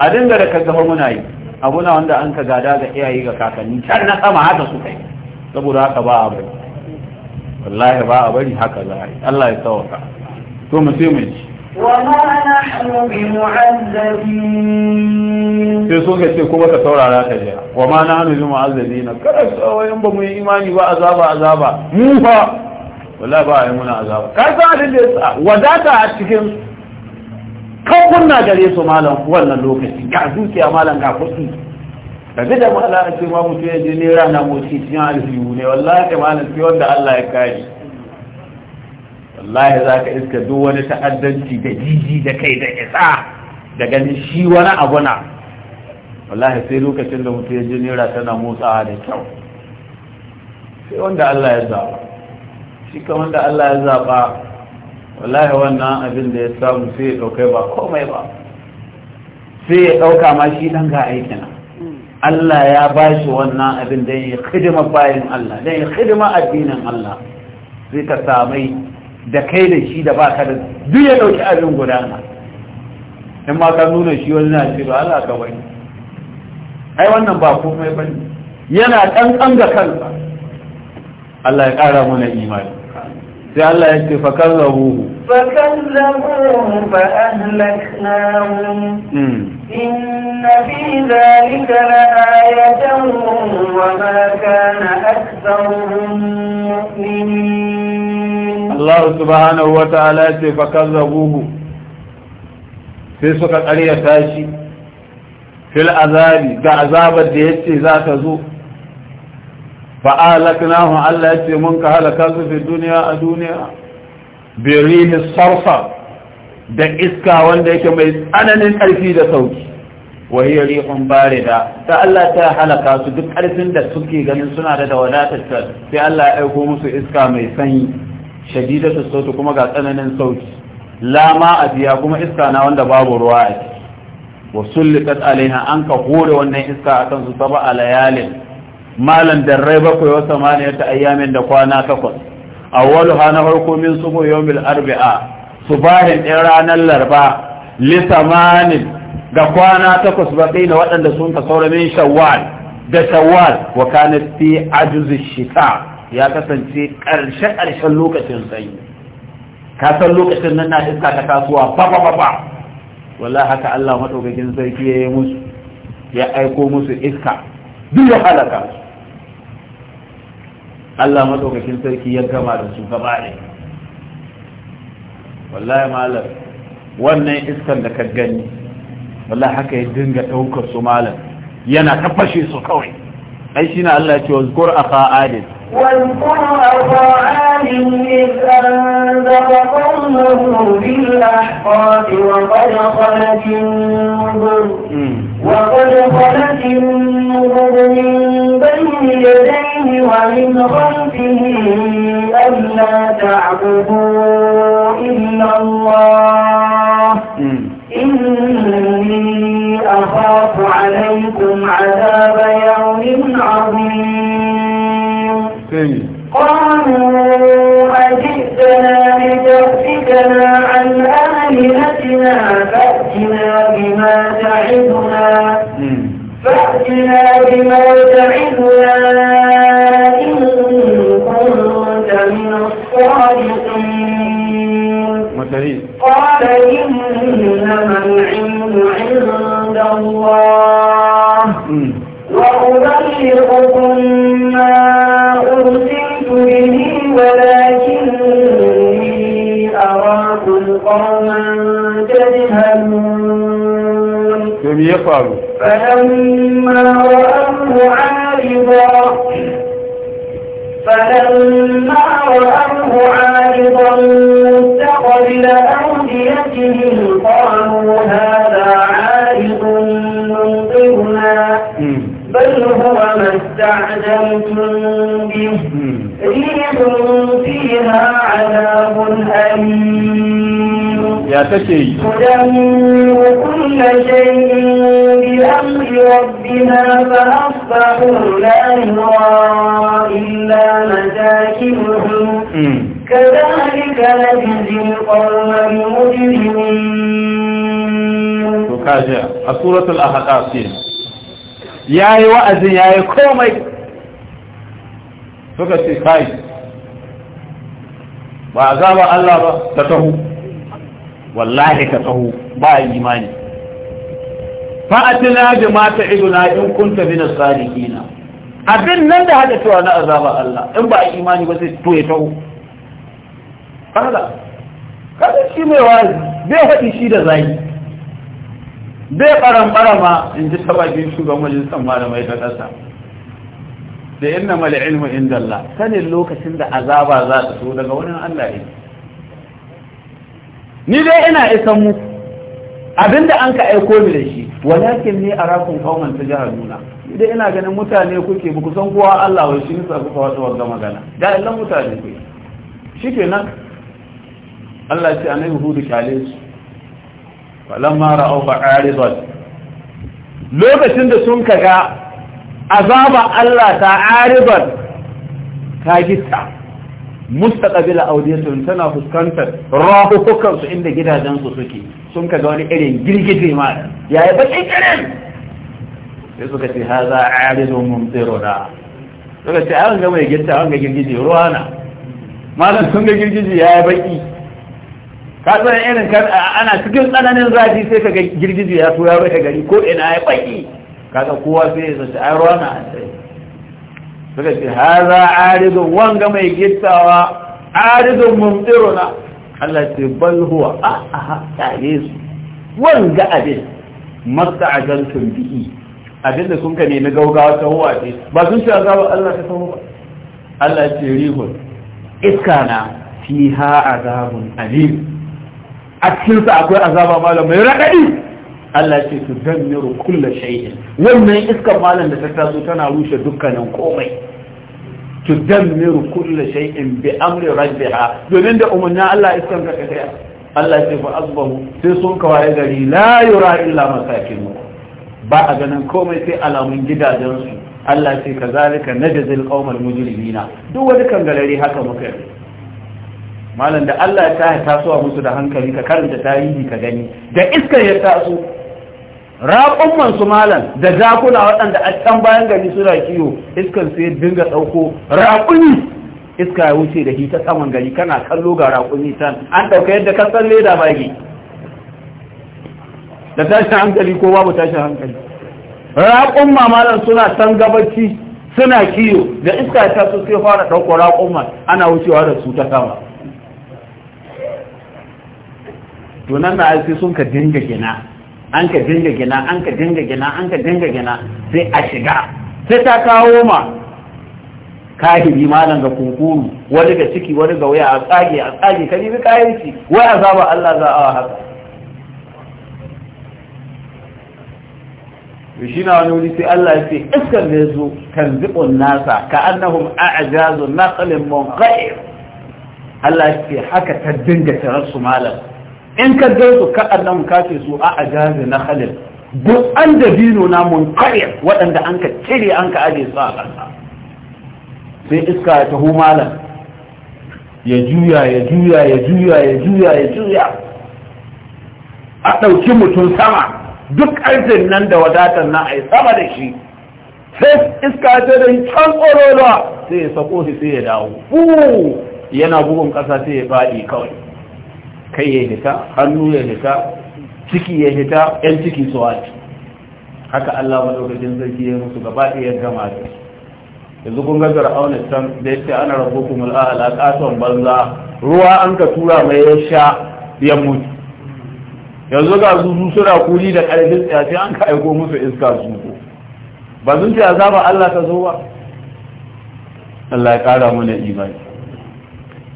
a dinga da ka kaga muna yi na wanda an ka gada ga iyaye ga kakanni can na sama haka su kai saboda haka ba a bari wallahi ba a bari haka za a yi Allah ya tsawata to mu sai mu ci sai so ka ce kuma ka saurara ka jiya wa ma na hannu zuma azabi na kada tsawayen ba mu yi imani ba azaba azaba mu fa wallahi ba a yi muna azaba ka san abin da ya wadata a cikin kan kunna gare su malam wannan lokaci ga dukiya malam ga kuɗi ka bi da ma'ala a ce ma mutum ya je ne rana moci cikin alfiyu ne wallahi malam ce wanda Allah ya kare wallahi za ka iska duk wani ta'addanci da jiji da kai da isa da ganin shi wani abu na wallahi sai lokacin da mutum ya ji nera tana motsawa da kyau sai wanda Allah ya zaba shi ka wanda Allah ya zaba wallahi wannan abin da ya samu sai ya daukai ba komai ba sai ya dauka ma shi dan ga aikina Allah ya ba shi wannan abin da ya hidima bayan Allah da ya hidima addinin Allah zai ka samai da kai da shi da baka da duk ya dauki abin gudana in ma ka nuna shi wani na ce ba Allah ka wani ai wannan ba komai bane yana ɗan ga kansa Allah ya ƙara mana imani sai Allah ya ce fakar zahuhu fakar zahuhu fa ahlaknahum inna fi zalika la ayatan wa ma kana aktharuhum mu'minin Allah subhanahu wa ta'ala ya ce fakar zahuhu sai suka karya tashi fil azabi ga azabar da yace za ta zo fa'alaknahu Allah ya ce mun ka halaka su fi duniya a duniya birini sarfa da iska wanda yake mai tsananin ƙarfi da sauki wahiyar rihun da? ta Allah ta halaka su duk ƙarfin da suke ganin suna da wadatar sai Allah ya aiko musu iska mai sanyi shadidatu sautu kuma ga tsananin sauki lama a biya kuma iska na wanda babu ruwa a ciki wa sullikat alaiha an ka hore wannan iska akan su saba a layalin malan darrai bakwai wata ta ayyamin da kwana takwas awwalu ha na farko min subu yawmil arba'a subahin din ranar larba li samanin ga kwana takwas baqina waɗanda sun ka saura min shawwal da shawwal wa kanat fi ajuz shita ya kasance karshe karshen lokacin sanyi ka san lokacin nan na iska ta kasuwa ba ba ba wallahi haka Allah madaukakin sarki yayi musu ya aiko musu iska duk ya halaka Allah madaukakin sarki ya gama da su gaba ne wallahi malam wannan iskan da ka gani wallahi haka ya dinga daukar su malam yana tabbashe su kawai ai shine Allah ya ce wa zkur aqa adil wa zkur aqa adil لا تعبدوا إلا الله ya yi wa'azin ya yi komai suka ce kai ba a zaba Allah ba ta taho wallahi ka taho ba a imani fa'atina ji mata iduna in kunta na as-salihina abin nan da haka cewa na azaba Allah in ba a imani ba sai to ya taho kada shi mai wazi bai haɗi shi da zai bai ɓaran-ɓarama in ji sabakin shugaban majalisar malamai ta ƙasa da inna mali ilmu inda Allah sanin lokacin da azaba za ta so daga wani Allah ne ni dai ina isan mu abinda an ka aiko ni da shi walakin ni arakun kauman ta jihar nuna ni dai ina ganin mutane kuke ba ku san kowa Allah wai shi nisa kuka wata wanda magana da Allah mutane ku kenan Allah ya ce annabi hudu kyale su falamma ra'aw ba'aridat lokacin da sun kaga azaba Allah ta aridat ta gitta mustaqbil awdiyatun tana fuskantar rahuhukan su inda gidajen su suke sun kaga wani irin girgije ma yayi bakin irin sai suka ce haza aridun mumtiruna suka ce a wanga mai gitta ga girgije ruwana malam sun ga girgije yayi baki ka san irin kan ana cikin tsananin zafi sai ka ga girgiji ya so ya rufe gari ko ina ya baki ga kowa sai ya zace ai ruwa na an suka ce haza aridu wanga mai gittawa aridu mumtiruna Allah ce bal huwa a a ta yesu wanga abin masta ajaltun bi'i abin da kun ka nemi gaugawa ta huwa ce ba sun ce azaba Allah ta samu ba Allah ce rihun iska na fiha azabun alim a cikinsa akwai azaba malam mai raɗaɗi Allah ce su danniru kulla shay'in wannan iskar malam da ta taso tana rushe dukkanin komai su danniru kulla shay'in bi amri rabbiha domin da umarnin Allah iskar ka kai Allah ce fa asbahu sai sun kawaye gari la yura illa masakin ba a ganin komai sai alamun gidajensu Allah ce kazalika najzil qaumal mujrimina duk wani kangalare haka muka yi malam da Allah ya tashi tasowa musu da hankali ka karanta tarihi ka gani da iskar ya taso raƙon su malam da zakuna waɗanda a can bayan gari suna kiwo iskar su ya dinga ɗauko raƙuni iska ya wuce da hita saman gari kana kallo ga raƙuni tan an ɗauka yadda ka san leda bagi da tashin hankali ko babu tashin hankali raƙon malam suna san gabaci suna kiwo da iska ya taso sai fara ɗauko raƙon ana wucewa da su ta sama to nan na sai sun ka dinga gina an ka dinga gina an ka dinga gina an ka dinga gina sai a shiga sai ta kawo ma kahiri malam ga kunkuru wani ga ciki wani ga waya a tsage a tsage ka nemi kayanci wai azaba Allah za a haka shi na wani wuri sai Allah ya ce iskar da ya zo kan zibon nasa ka annahum a'jazu naqlin munqair Allah ya ce haka ta dinga tarar su malam in ka gan su kaɗan nan ka ce su a ajazi na halil duk an da dino na mun kare waɗanda an ka cire an ka aje su a ƙasa sai iska ya taho malam ya juya ya juya ya juya ya juya ya juya a ɗauki mutum sama duk ƙarfin nan da wadatar na a yi sama da shi sai iska ta da can tsoroluwa sai ya sako shi sai ya dawo yana bugun ƙasa sai ya faɗi kawai kai ya hita hannu ya hita ciki ya hita yan ciki su wace haka Allah madaukakin zai ya musu gaba ɗaya gama da yanzu kun gazar auna can da yace ana rabu kuma al'ala katon banza ruwa an ka tura mai ya sha ya mutu yanzu ga zuzu suna kuli da ƙarfin tsaye an ka aiko musu iska zuko ba sun ce azaba Allah ta zo ba Allah ya ƙara mana imani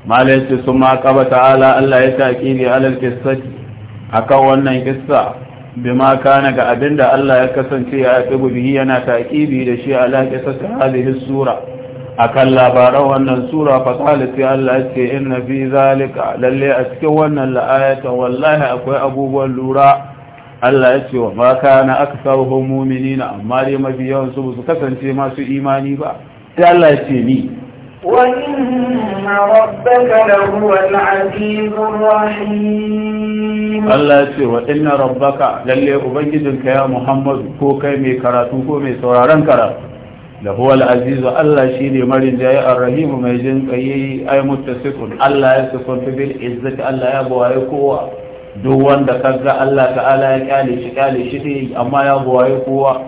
malai ce sun ma kaba ta'ala Allah ya taƙiri alal A kan wannan kissa bimaka, kana ga abinda Allah ya kasance ya tsibu bihi yana taƙiri da shi ala kissati hadhihi sura akan labaran wannan sura fa qala Allah ya ce inna fi zalika lalle a cikin wannan la'ayata wallahi akwai abubuwan lura Allah ya ce wa ma kana aktsaruhum mu'minina amma dai mafi yawan su su kasance masu imani ba sai Allah ya ce ni Allah ya ce wa inna rabbaka lalle ubangijinka ya Muhammadu ko kai mai karatu ko mai sauraron kara da huwal azizu Allah shi ne marin jayi ar rahimu mai jin kayi ay mutasikun Allah ya sukunta bil izzati Allah ya buwaye kowa duk wanda kaga Allah ta'ala ya kyale shi kyale shi ne amma ya buwaye kowa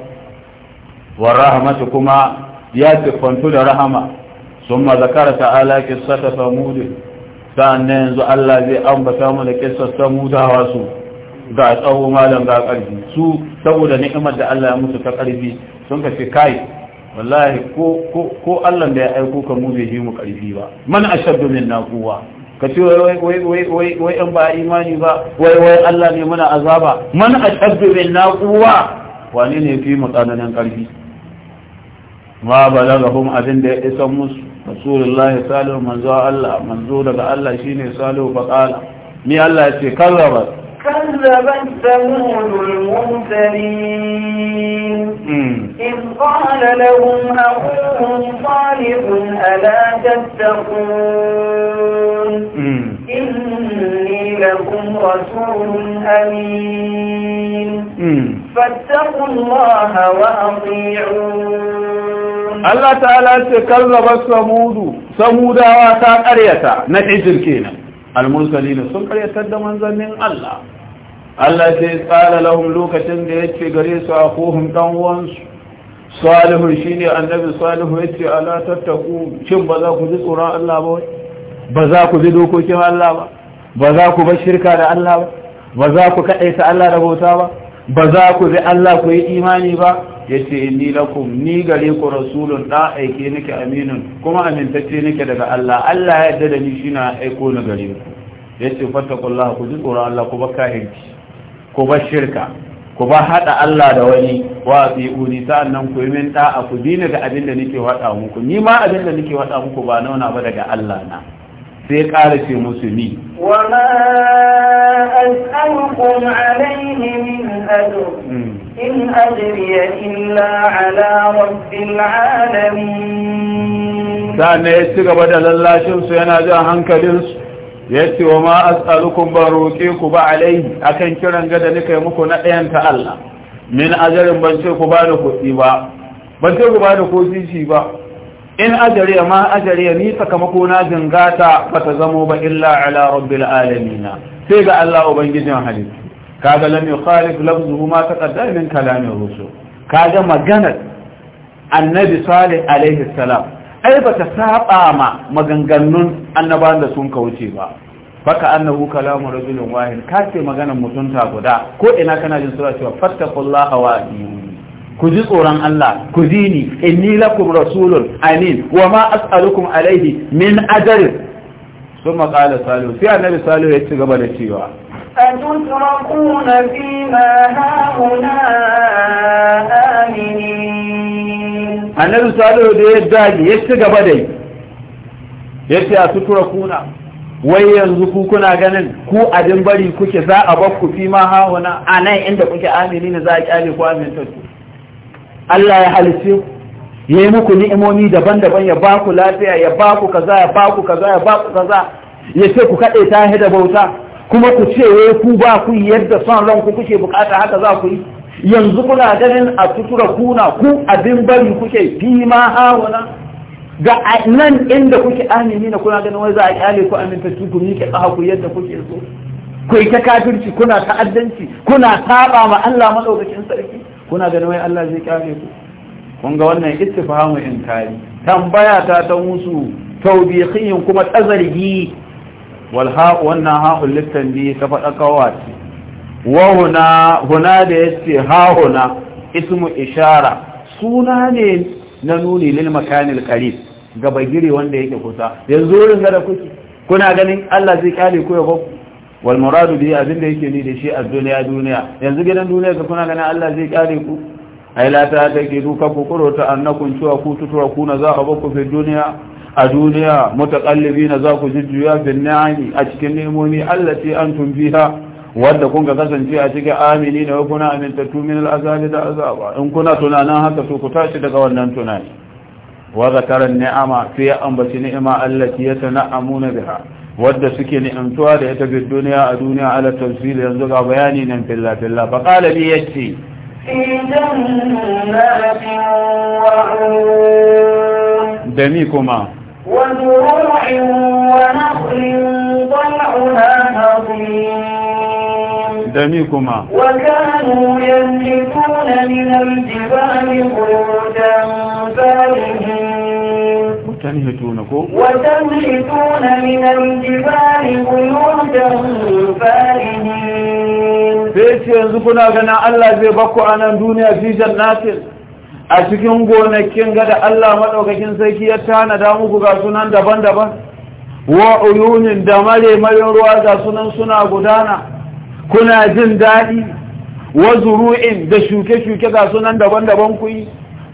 wa rahmatu kuma ya sukunta da rahama ثم ذكر تعالى قصة ثمود سأنين ذو الله ذي أنبتا من قصة ثمود واسو ga tsawo malam ga ƙarfi su saboda ni'imar da Allah ya musu ta ƙarfi sun ka fi kai wallahi ko ko ko Allah da ya aiko ka mu bai yi mu ƙarfi ba man ashaddu minna quwwa ka ce wai in ba imani ba wai wai Allah ne muna azaba man ashaddu bin naquwa wani ne fi mu tsananin karfi ma balagahum abin da ya isa musu رسول الله صلى الله منزول الله شيني صلى فقال مي الله يتي كذب كذب المرسلين hmm. إذ قال لهم أخوهم صالح ألا تتقون hmm. إني لكم رسول أمين hmm. فاتقوا الله وأطيعون Allah ta'ala ce kallaba samudu samudawa ta karyata na hijir kenan almursalina sun karyatar da manzannin Allah Allah ce tsara lahum lokacin da ce gare su a kohun dan uwansu salihu shine annabi salihu yace ala tattaku shin ba za ku ji tsoron Allah ba ba za ku ji dokokin Allah ba ba za ku bar shirka da Allah ba ba za ku kaɗaita Allah da bauta ba ba za ku bi Allah ku yi imani ba ya ce inni lakum ni gare ku rasulun da aike nake aminin kuma amintacce nake daga Allah Allah ya yarda da ni shi na aiko ni gare ku ya ce ku ji tsoron Allah ku ba ku ba shirka ku ba hada Allah da wani wa bi uni sa'annan ku yi min da'a ku dina ga abin da nake wada muku ni ma abin da nake wada muku ba nauna ba daga Allah na sai ƙara ce musu ni wama as'alukum alaihi min ado, in ajiye illa ala rabbil alamin sannan ya ci gaba da lallashin su yana jan hankalin su ya ce wa ma as'alukum ba roƙe ku ba a akan kiran gada nika yi muku na ɗayan ta Allah min ajarin ban ce ku ba da kuɗi ba ban ce ku ba da ko ba in ajariya ma ajariya ni sakamako na zingata ba ta zamo ba illa ala rabbil alamina sai ga Allah ubangijin halittu kaga lam yukhalif lafzuhu ma taqaddama min kalamin rusul kaga maganar annabi salih alaihi salam ai ba ta saba ma maganganun annabawan da sun kauce ba baka annahu kalamu rajulin wahid kace maganar mutunta guda ko ina kana jin sura cewa fattaqullaha wa atiyu ku ji tsoron Allah ku ji ni inni lakum rasulun amin wa ma as'alukum alaihi min ajr thumma qala salihu sai annabi salihu ya ci gaba da cewa أتتركون فيما هاهنا آمنين النبي صالح da ya dage ya ci gaba da ya ce a sutura kuna wai yanzu ku kuna ganin ku abin bari kuke za a bakku fi ma hauna a inda kuke amini ne za a kyale ku amintattu Allah ya halice ku ya yi muku ni'imomi daban-daban ya ba ku lafiya ya ba ku kaza ya ba ku kaza ya ba ku kaza ya ce ku kaɗe ta da bauta kuma ku ce wai ku ba ku yadda son ranku kuke bukata haka za ku yi yanzu kuna ganin a tutura kuna ku abin bari kuke fi ma hawana ga nan inda kuke amini na kuna ganin wai za a kyale ku aminta amintattu ku miƙe tsaha ku yadda kuke so ku yi ta kafirci kuna ta'addanci kuna saba ma Allah madaukakin sarki kuna ganin wai Allah zai kyale ku kun ga wannan ittifahamu inkari tambaya ta ta musu tawbihin kuma tazargi wal ha wannan ha ulittan bi ta fada kawati wa huna huna da yace ha huna ismu ishara suna ne na nuni lil makanil qarib gaba gire wanda yake kusa yanzu wurin da kuke kuna ganin Allah zai kyale ku ya ku walmuradu muradu bihi abin da yake ni da shi a duniya duniya yanzu gidan duniya ka kuna ganin Allah zai kare ku ai la ta ke duka ku kuro ta annakum cewa ku tutura ku na za a baku fi duniya a duniya mutaqallibina za ku jujjuya fi ni'ami a cikin nemomi allati antum biha wadda kun ga kasance a cikin amini ne kuna amintattu min al'azabi da azaba in kuna tunanin haka to ku tashi daga wannan tunani wa zakaran ni'ama fi ambaci ni'ima allati yatana'amuna biha wadda suke ni'amtuwa da ita fi duniya a duniya ala tafsir yanzu ga bayani nan filla filla fa qala bi yati da mi kuma da mi kuma وكانوا ينحتون من الجبال بيوتا فارهين وتنهتون وتنهتون من الجبال بيوتا فارهين فيش ينزقنا غنى الله زي بكو أنا دنيا في جنات a cikin gonakin gada, Allah maɗaukakin sarki ya tana da muku ga daban-daban wa da mare marin ruwa ga sunan suna gudana kuna jin daɗi wa da shuke-shuke ga sunan daban-daban ku yi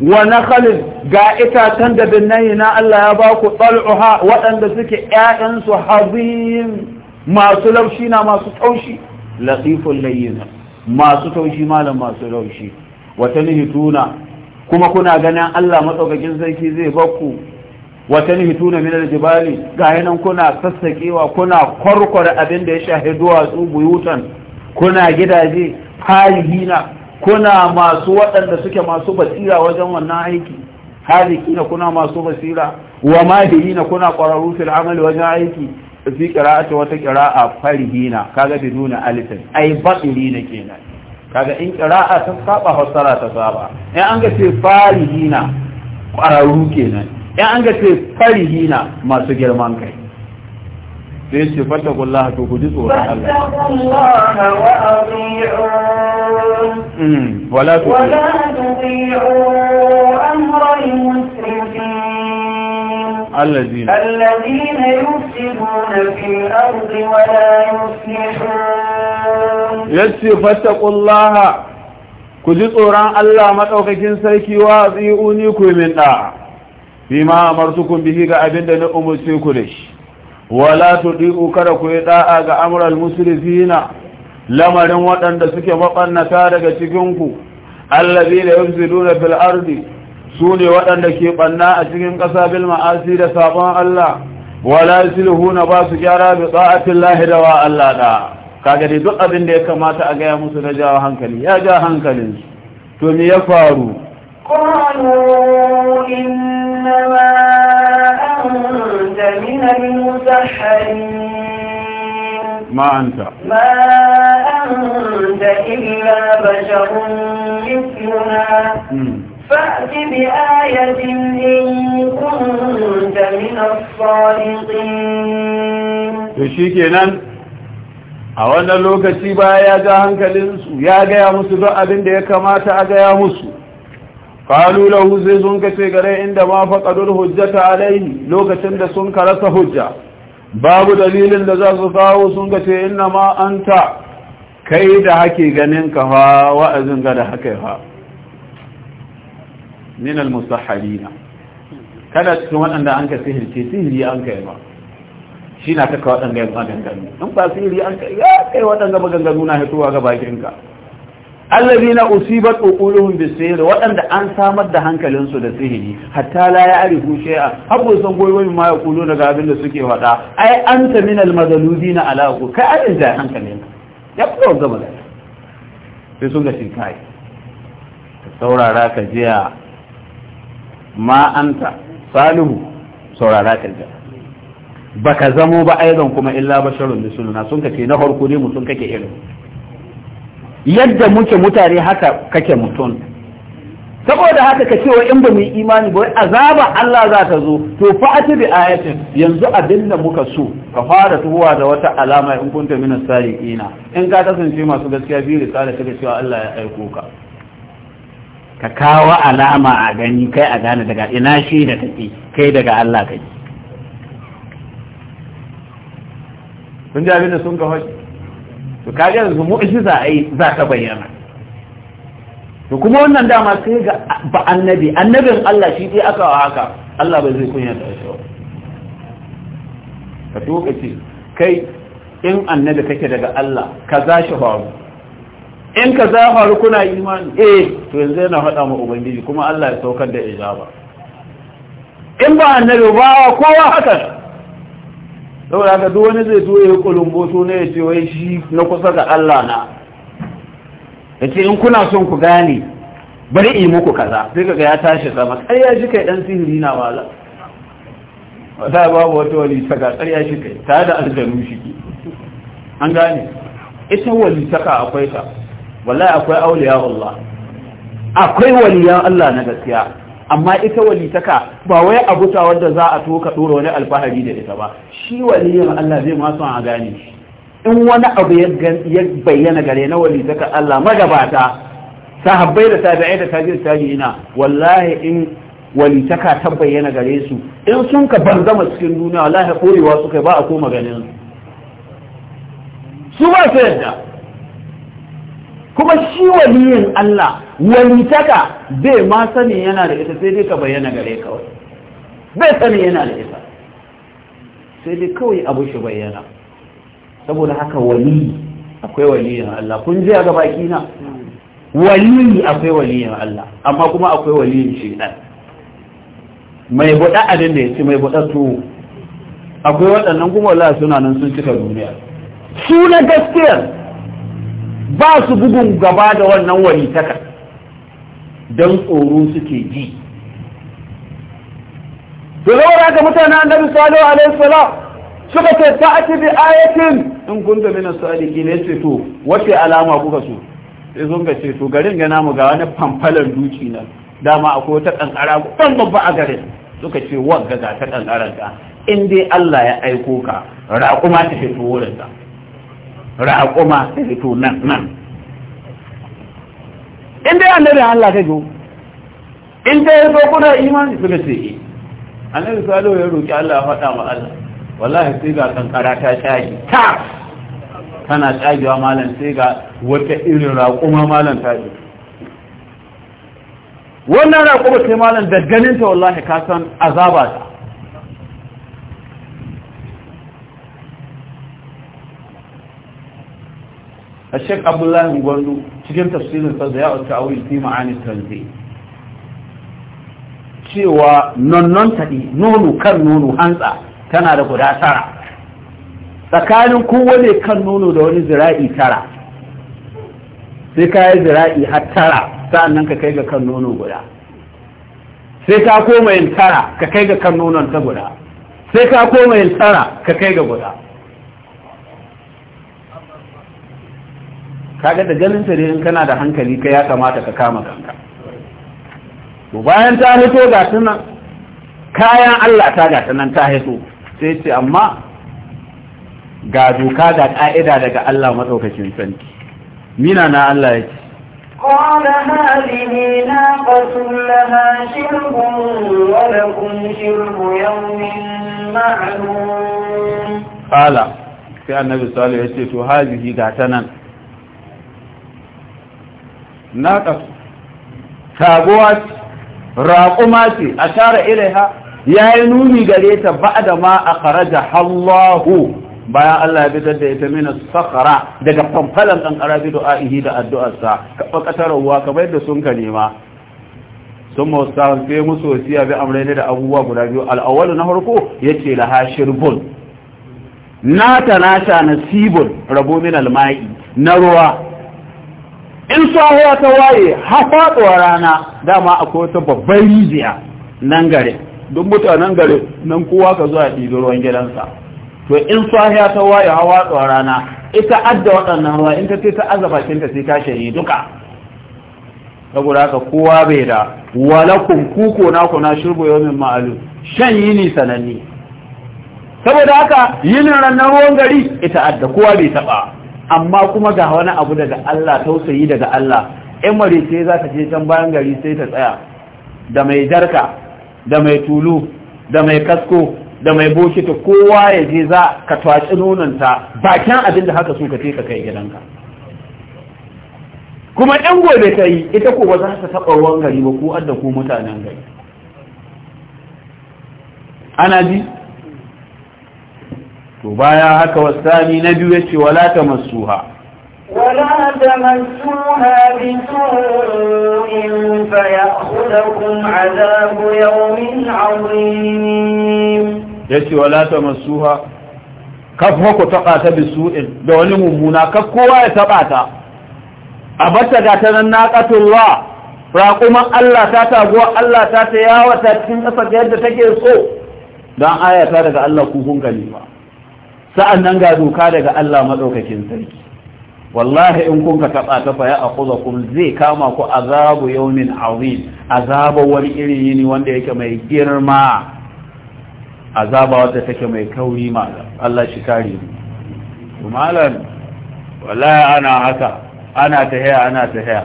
wa nakhalin ga itatan da binnayi na Allah ya ba ku tsal'uha waɗanda suke ‘ya'yansu hazin masu laushi na masu taushi latifun layyina masu taushi malam masu laushi wata nihituna kuma kuna ganin Allah matsaukakin sarki zai bakku wata nihituna min aljibali ga yanan kuna sassakewa kuna kwarkware abin da ya shahi duwatsu buyutan kuna gidaje hina. kuna masu waɗanda suke masu basira wajen wannan aiki haliki na kuna masu basira wa na kuna ƙwararru fil amali wajen aiki fi qira'ati wata qira'a farihina kaga nuna alifin ai na kenan kaga in a ta saba hausara ta saba in an ga fari farihina ƙwararru kenan in an ga fari farihina masu girman kai sai ce fattakun laha to ku ji tsoron Allah wala tu الذين الذين يفسدون في الأرض ولا يصلحون يسي فاتقوا الله كجزء ران الله مدعوكين سيكي واضيئوني كوي من داع فيما أمرتكم به قابل لأمسيكم ليش wala tuɗi kada ku yi ɗa'a ga amral musrifina lamarin waɗanda suke maɓannata daga cikin ku allazi da yufsiduna fil ardi sune waɗanda ke banna a cikin ƙasa bil ma'asi da sabon Allah wala silhu ba su gyara bi a da wa Allah da kaga dai duk abin da ya kamata a gaya musu na jawo hankali ya ja hankalin to me ya faru qalu inna لمن المسحرين ما أنت ما أنت إلا بشر مثلنا فأت بآية إن كنت من الصادقين تشيكينا a wannan lokaci baya ya ga hankalinsu ya gaya musu don abin da ya kamata a gaya musu قالوا له زيزون sun kace gare inda ma faqadul hujjata alaihi lokacin da sun karasa hujja babu dalilin da za su kawo sun kace inna ma kai da hake ganin ka fa wa'azin kada cikin waɗanda an ka sihirce sihiri an kai ba shi na kaka waɗanda ya maganganu in ba sihiri an kai ya kai waɗanda maganganu na ga bakinka allazina usibat uquluhum bisir waɗanda an samar da hankalinsu da sihiri hatta la ya'rifu shay'a habbu san goyi wani ma yaqulu daga abin da suke fada ai anta min almadaludin ala ku ka adin da hankalin ya fito gaba da sai sun ga shinkai ka saurara ka jiya ma anta salihu saurara ka jiya baka zamo ba aidan kuma illa basharun misluna sun kace na farko ne mu sun kake irin yadda muke mutane haka kake mutum saboda haka ka cewa in ba mu yi imani ba azaba Allah za ta zo to fa a bi ayatin yanzu abin da muka so ka fara tuwa da wata alama in kunta min ina in ka kasance masu gaskiya bi risala ta cewa Allah ya aiko ka ka kawo alama a gani kai a gane daga ina shi da take kai daga Allah kai kun ji abin da sun ka hoshi to kaga yanzu mu'jiza ai za ta bayyana to kuma wannan dama sai ga ba annabi annabin Allah shi dai aka wa haka Allah bai zai kunya da shi ka to ce kai in annabi kake daga Allah ka za shi faru in ka za faru kuna imani eh to yanzu yana faɗa mu ubangiji kuma Allah ya saukar da ijaba in ba annabi ba kowa haka saboda haka duk wani zai zo ya kulumboto ne ya ce wai shi na kusa ga Allah na ya ce in kuna son ku gane bari yi muku kaza sai kaga ya tashi sama ƙarya shi kai dan sihiri na wala wata babu wata wali saka ƙarya shi kai Ta da aljanu shi ke an gane ita wali saka akwai ta wallahi akwai auliya Allah akwai waliya Allah na gaskiya amma ita walitaka ba wai abuta wanda za a toka dora wani alfahari da ita ba shi waliyin Allah zai ma son a gane in wani abu ya bayyana gare na walitaka Allah magabata sahabbai da tabi'ai da tabi'in tabi'ina wallahi in walitaka ta bayyana gare su in sun ka banzama cikin duniya wallahi korewa suka ba a koma ganin su ba su yadda kuma shi waliyin Allah walitaka bai ma sani yana da ita sai dai ka bayyana gare kawai bai sani yana da ita sai dai kawai abu shi bayyana saboda haka wali akwai waliyin Allah kun ji ga baki na wali akwai waliyin Allah amma kuma akwai waliyin shaitan mai buda adin da ya ci mai buda to akwai waɗannan kuma wala suna nan sun cika duniya su na gaskiyar ba su bugun gaba da wannan walitaka Dan tsoro suke ji to da ga mutane annabi salihu alaihi salam suka ce ta ati bi ayatin in kunta mina as yace to wace alama kuka so sai sun ga ce to garin ga namu ga wani fanfalan duki nan dama akwai wata kankara ban babba a garin suka ce wagga ga ta kankaran ka in dai Allah ya aiko ka raƙuma ta fito wurin ka raƙuma ta fito nan nan in dai annabin Allah ka go in dai ya zo kuna imani suka ce eh annabi salihu ya roƙi Allah ya faɗa ma Allah wallahi sai ga kankara ta tsagi ta tana wa malam sai ga wata irin raƙuma malam ta ji wannan raƙuma sai malam da ganin ta wallahi ka san azaba ta الشيخ عبد الله مغندو cikin tafsirin sa ya wata awil fi ma'ani tanzi cewa nonnon tadi nono kan nono hantsa tana da guda tara tsakanin kowane kan nono da wani zira'i tara sai ka yi zira'i tara sa'annan ka kai ga kan nono guda sai ka koma yin tara ka kai ga kan nonon ta guda sai ka koma yin tara ka kai ga guda kaga da ganin ta in kana da hankali ka ya kamata ka kama kanka to bayan ta hito ga tunan kayan Allah ta ga tunan ta hito sai ce amma ga doka ga ka'ida daga Allah matsaukacin sanki. mina na Allah yake قال هذه ناقة لها شرب ولكم شرب يوم معلوم قال annabi النبي ya ce, عليه وسلم ga قاتنا naqas taguwa raƙuma ce a ha? Ya yi nuni gare ta da ma a da Allahu bayan Allah ya fitar da ita mina sakara daga fanfalan ɗan ƙarafi du'a'ihi da addu'arsa kaɓa ƙasarwa kamar yadda sun ka nema sun mawasta sai musu wasiya bi amrai da abubuwa guda biyu al'awalu na farko ya ce laha shirbun nata nata nasibun rabo min alma'i na ruwa in sahiya ta waye hafaɗuwa rana dama akwai wata babbar rijiya nan gare duk mutanen gare nan kowa ka zuwa ɗibi ruwan gidansa to in sahiya ta waye hafaɗuwa rana ita adda waɗannan ruwa in ta ce ta aza bakinta sai ta shari duka saboda haka kowa bai da walakun kuko na kuna yau min ma'alu shan yi ni sananni saboda haka yinin rannan ruwan gari ita adda kowa bai taɓa amma kuma ga wani abu daga Allah tausayi daga Allah in sai za ta je can bayan gari sai ta tsaya da mai jarka da mai tulu da mai kasko da mai bokita kowa ya je za ka twaci ta, bakin abin da haka suka ce ka kai gidanka kuma ɗan gobe ta yi ita ko ba za ta taɓa ruwan gari ba ko adda ko mutanen gari ana ji to baya haka wasani na biyu yace wala ta masuha. wala tamassuha bi su'in fa ya'khudhukum 'adabu yawmin 'azim yace wala ta tamassuha kaf ku taba ta bi su'in da wani mummuna kaf kowa ya taba ta A abatta ga ta nan naqatullah raquman Allah ta taguwa Allah ta ta yawata cikin kasar yadda take so dan ayata daga Allah ku kun ba sa'an nan ga doka daga Allah maɗaukakin sarki wallahi in kun ka taɓa ta faya a kun zai kama ku azabu yaumin azim azaba wani irin yini wanda yake mai girma azaba wanda take mai kauri ma Allah shi kare mu malam wallahi ana haka ana ta haya ana ta haya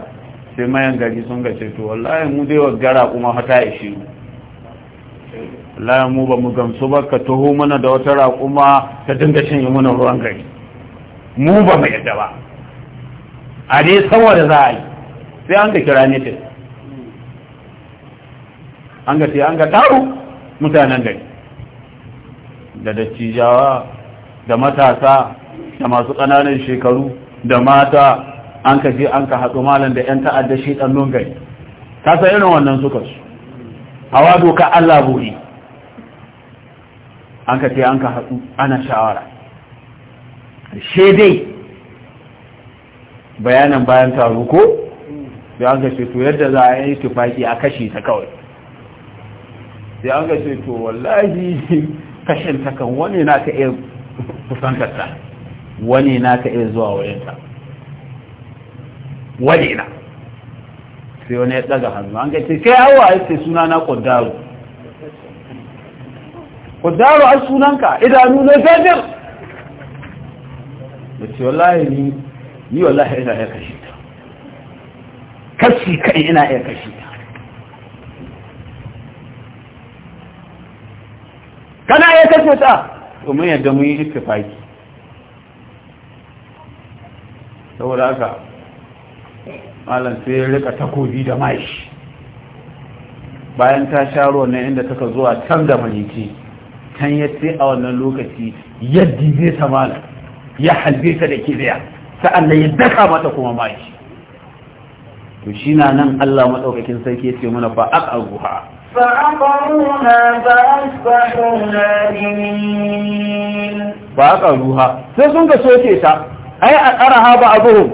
sai mayan gari sun gace to wallahi mu dai wa gara kuma hata ishe mu wallahi mu ba mu gamsu ba ka taho mana da wata raƙuma ta dinga shanye mana ruwan gari mu ba mu yadda ba a dai saboda za a yi sai an ga kira ne an ga sai an ga taro mutanen gari da dattijawa da matasa da masu ƙananan shekaru da mata an ka je an ka haɗu malam da 'yan ta'adda shi ɗan gari ta sa irin wannan suka su hawa doka Allah buri an ka ce an ka haɗu ana shawara she dai bayanan bayan taro ko da an ka ce to yadda za a yi tufaki a kashe ta kawai sai an ka ce to wallahi kashin ta kan wani na ka iya kusantarta wani na ka iya zuwa wayanta wani na sai wani ya daga hannu an ka ce kai hawa ya ce suna na ƙudaru zaro a sunanka idanu na gajir da ce wallahi ni ni wallahi ina ya kashe ta kashi kai ina ya kashe ta kana ya kashe ta domin yadda mun yi faki. saboda haka malam sai ya rika takobi da mashi bayan ta sha ruwan nan inda taka zuwa can da maliki can ya ce a wannan lokaci yadda zai samala ya halbe ta da kibiya sa'an da ya daka mata kuma mashi to shi na nan Allah maɗaukakin sarki ya ce mana fa aka ruha ba aka ruha sai sun ga soke ta ai a ƙaraha ba a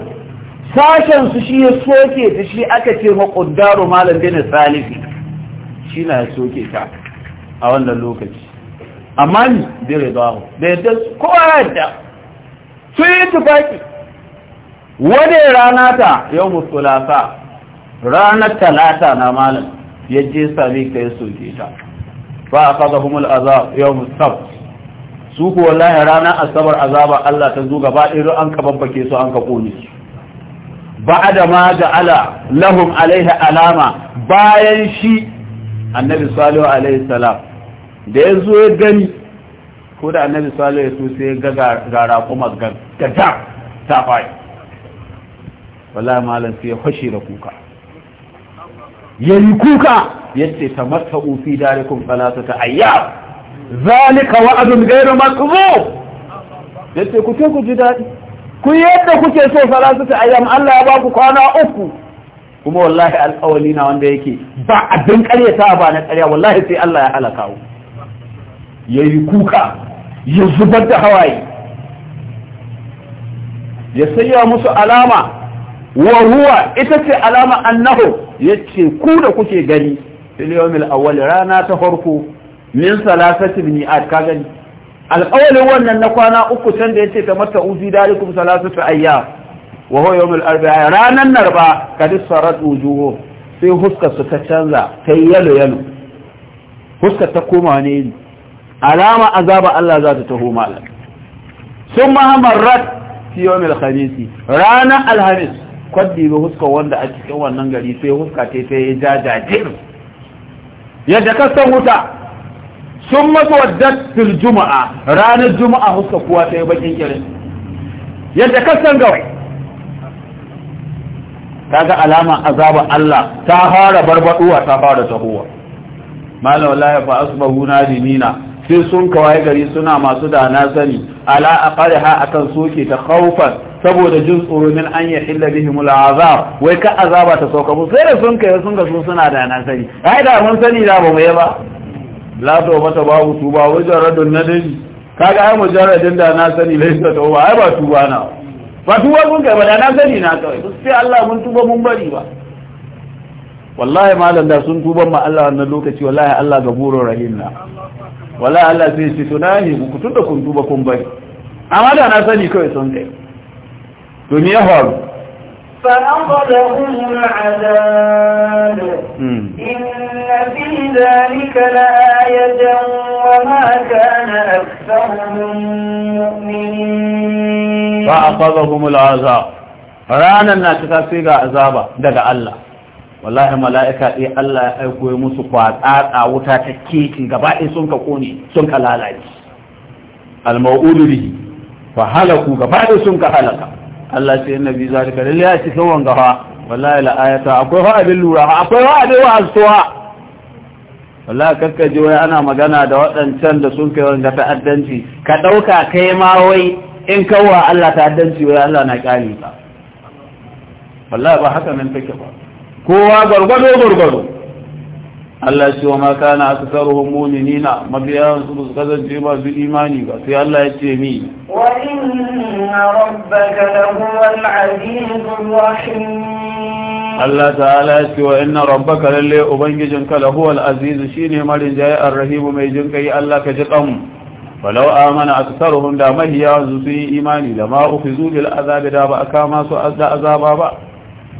sashen su shi ya soke ta shi aka ce maƙuddaro malam dina salifi shi na soke ta a wannan lokaci amma ni bai ridahu da yadda kowa ya yadda sun yi tufaki wani rana ta yau musulasa ranar talata na malam ya je sami ka ya soke ta ba a kaga humul azab yau musab su kuwa lahi ranar asabar azaba Allah ta zo gaba ɗaya an ka babbake su an ka ƙone su ba da ma ja'ala lahum alaiha alama bayan shi annabi salihu alaihi salam da ya zo ya gani ko da annabi salo ya so sai ga gara kuma gaggata ta fai wallahi malam sai ya fashe da kuka ya yi kuka yace ta mata ufi darikum salatu ta ayya zalika wa'adun ghairu makzub yace ku ce ku ji dadi ku yadda kuke so salatu ta ayyam Allah ya ba ku kwana uku kuma wallahi alƙawali na wanda yake ba abin ƙaryata ba na ƙarya wallahi sai Allah ya halaka ku ya yi kuka ya zubar da hawaye ya sayya musu alama wa huwa ita ce alama annahu ya ce ku da kuke gani filiyomil awwal rana ta farko min salasati bin ka gani alƙawalin wannan na kwana uku can da ya ce ta mata uzi dalikum salasatu ayya wa huwa yawmul arba'a ranan narba kadis sarat wujuhu sai huskar su ta canza ta yalo yalo huskar ta koma ne alama azaba Allah za ta taho malam sun mahammarat fiyomil khamisi ranar alhamis kwaddi bi huska wanda a cikin wannan gari sai huska ta ta yi jajaje yadda kasan wuta sun masu waddat fil juma'a ranar juma'a huska kuwa ta yi bakin kirin yadda kasan gawai ga alama azaba Allah ta fara barbaduwa ta fara tahowa malam wallahi fa asbahu nadimina sai sun kawai gari suna masu da na sani ala aqariha akan soke ta khaufan saboda jin tsoro min an ya illa bihim azab wai ka azaba ta sauka musu sai da sun kai sun ga sun suna da na sani ai da mun sani da ba mu yi ba la to mata babu tuba wajen radun nadari kaga ai mujarradin da na sani ta tauba ai ba tuba na ba tuba mun kai ba da na sani na kai sai Allah mun tuba mun bari ba wallahi malam da sun tuban ma Allah wannan lokaci wallahi Allah gaburo rahim na wala Allah zai ce to nahi ku tunda kun duba kun bai amma da na sani kawai sun kai to me ya faru فأخذهم العذاب hmm. إن في ذلك لآية وما كان أكثرهم مؤمنين فأخذهم العذاب ranar na ta tasiri ga azaba daga Allah wallahi mala'ika ɗaya Allah ya aiko ya musu a wuta ta kekin gaba ɗaya sun ka kone sun ka lalace al-mau'udu bihi fa halaku gaba ɗaya sun ka halaka Allah sai annabi zalika lalle ya ci kawan gafa wallahi la ayata akwai fa abin lura akwai fa abin wa'azuwa wallahi kakka ji wai ana magana da waɗancan da sun kai wanda ta'addanci ka ɗauka kai ma wai in kawwa Allah ta'addanci wai Allah na ƙali ka wallahi ba haka nan take ba kowa gwargwado gwargwado Allah ce wa maka na aka karuhun muminina mabiyan su su kasance ba su imani ba sai Allah ya ce mi Allah ta'ala ya ce wa inna rabbaka lalle ubangijinka lahuwal azizu shine marin jayi arrahimu mai jin jinkai Allah ka ji kanmu ولو آمن أكثرهم لا مهيا زي إيماني لما da ba a kama su da azaba ba.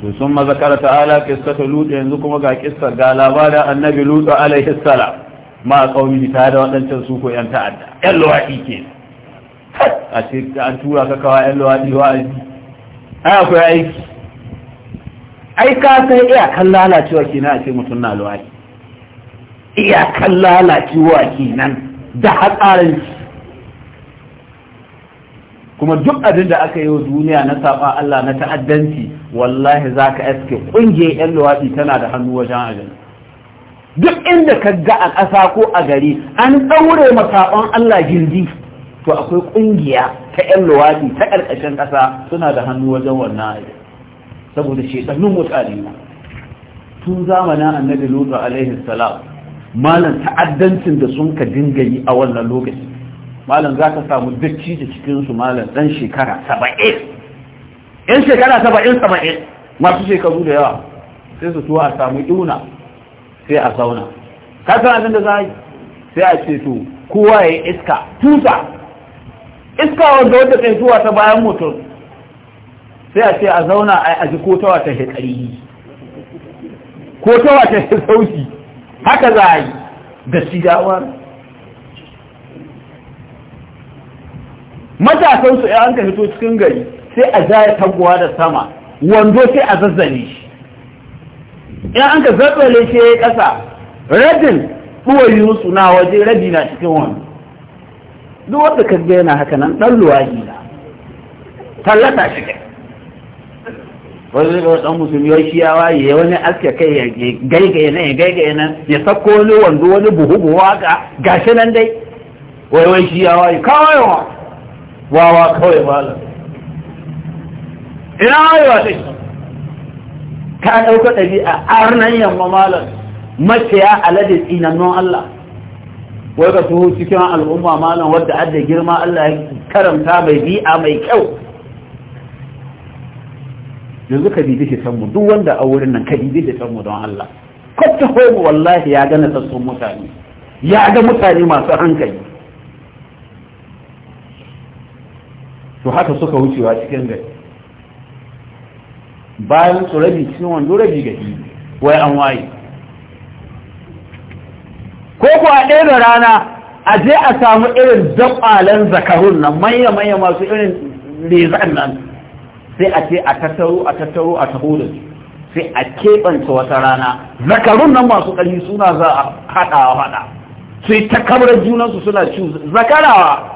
to sun kara ta'ala ta lutu yanzu kuma ga kista ga labarin annabi lutu alaihi sala ma a kaumi ta da waɗancan su ko yan ta'adda yan luwaɗi ke a ce an tura ka kawa yan luwaɗi aiki. ai akwai aiki ai ka san iyakan lalacewa kenan a ce mutum na luwaɗi iyakan lalacewa kenan da hatsarin kuma duk abin da aka yi wa duniya na saba Allah na ta'addanci wallahi za ka aske ƙungiyar 'yan luwaɗi tana da hannu wajen ajin duk inda ka ga a ƙasa ko a gari an ɗaure makaɓan Allah gindi to akwai ƙungiya ta 'yan luwaɗi ta ƙarƙashin ƙasa suna da hannu wajen wannan ajin saboda shekarun mutane na tun zamanin annabi lutu alaihi salam malam ta'addancin da sun ka dinga yi a wannan lokaci malam za ka samu dacci da cikinsu malam ɗan shekara saba'in in shekara saba'in saba'in masu shekaru da yawa sai su tuwa a samu iuna sai a zauna ka san abin da za yi sai a ce to kowa ya yi iska tusa iska wanda wadda kai zuwa ta bayan mutum sai a ce a zauna a ji kotawa ta hekari kotawa ta sauki haka za a yi da cigawar Matasansu ya an ka fito cikin gari sai a zaya taguwa da sama wando sai a zazzane shi ya an ka shi ya yi kasa rabin yi su na waje rabi na cikin wando duk wanda ka gaya na haka nan ɗan luwaji na tallata shi kai wani da wasan musulmi shi ya yi ya wani aske kai ya gaigaye nan ya gaigaye nan ya sakko wani wando wani buhu buhu haka gashi nan dai wai wai shi ya waye kawai wa wawa kawai malam ina wayewa ne ka ɗauka ɗabi'a arnan yamma malam maciya alade tsinannon Allah wai ka su cikin al'umma malam wadda adda girma Allah ya karanta mai bi'a mai kyau yanzu ka bibi shi sanmu duk wanda a wurin nan ka bibi da sanmu don Allah kwata homo wallahi ya gana sassun mutane ya ga mutane masu hankali to haka suka wucewa cikin gari bayan su rabi cikin wando rabi gari wai an waye ko ku a ɗaya rana a je a samu irin zaɓalen zakarun nan manya-manya masu irin rezan nan sai a ce a tattaro a tattaro a taho da su sai a keɓanta wata rana zakarun nan masu ƙarfi suna za a haɗawa haɗa sai ta kamar junansu suna cin zakarawa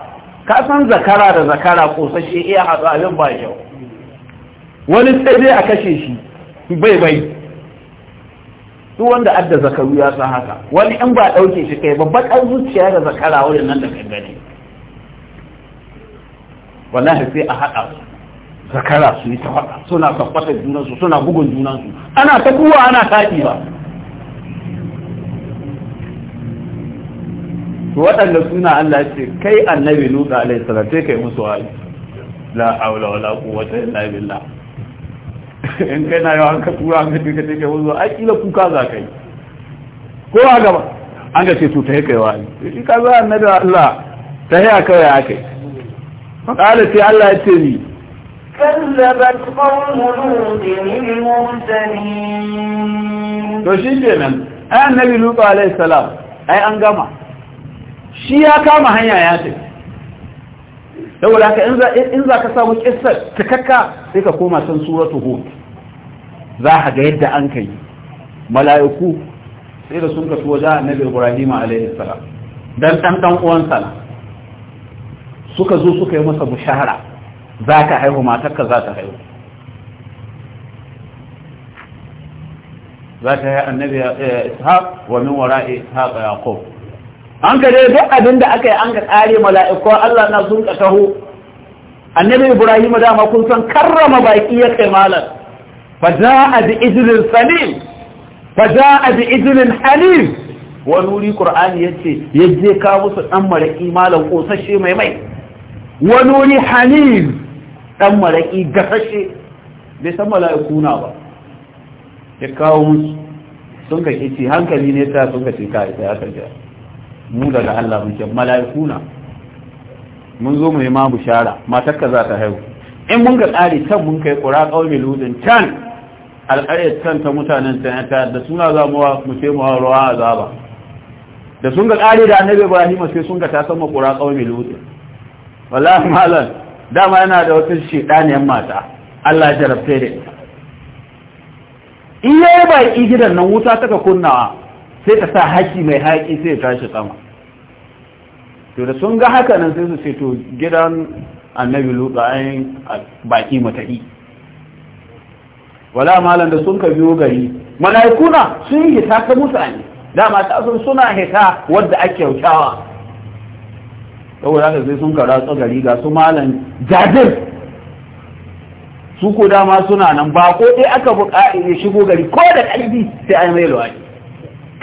ka san zakara da zakara kosashe iya hatsu abin ba kyau wani sai dai a kashe shi bai bai su wanda adda zakaru ya san haka wani in ba ɗauke shi kai babban kan zuciya da zakara wurin nan da kan gani wallahi sai a haɗa zakara su yi ta haɗa suna tabbatar junansu suna bugun junansu ana ta kuwa ana taɗi ba to waɗanda suna Allah ce kai annabi nuka alai salam sai kai musu wa la haula wala quwwata illa billah in kai na yawan ka tura an ka ce kai musu ai kila kuka za kai ko a gaba an ga ce to ta kai wa shi ka za eh, annabi Allah ta ya kai ya kai fa qala Allah ya ce ni كذبت قوم لوط المرسلين to shi kenan annabi nuka alai salam ai an gama shi ya kama hanya ya tafi da haka in za ka samu kisar cikakka sai ka koma san suratu hud za a ga yadda an kai mala'iku sai da sun kasu waje annabi ibrahim alaihi salam dan ɗan dan uwansa na suka zo suka yi masa bushara za ka haihu matakka za ta haihu za ta haihu annabi eh, ishaq wa min wara'i ishaq yaqub an ka dai duk abin da aka yi an ga tsare mala'iku Allah na sun ka taho annabi Ibrahim dama kun san karrama baki ya kai malam fa za'a bi izinin salim fa za'a bi izinin halim wa nuri qur'ani yace yaje ka musu dan maraki malam kosashe mai mai wa nuri halim dan maraki gasashe bai san mala'iku na ba ya kawo musu sun ka kici hankali ne ta sun ka ce ka ita ya tarjaya mu daga Allah muke mala'ikuna mun zo mu yi ma bushara matakka za ta haihu in mun ga tsari can mun kai ƙura ƙaumi ludin can alƙaryar can ta mutanen can ta da suna za mu mu ce mu ruwa azaba da sun ga tsari da annabi Ibrahim sai sun ga ta sama ƙura ƙaumi ludin wallahi malam dama yana da wata shedaniyan mata Allah ya jarabta da ita in yayi baki gidan nan wuta taka kunnawa sai ta sa haki mai haƙi sai tashi sama to da sun ga haka nan sai su ce to gidan annabi lutsa ayin baki mataki wala malan da sun ka biyo gari mala'ikuna sun yi hita ta mutane dama ta sun suna hita wadda ake kyautawa saboda haka sai sun ratsa gari ga su malan jajir su ko dama suna nan ba ko dai aka buƙa shigo gari ko da ƙarfi sai ai mai luwaki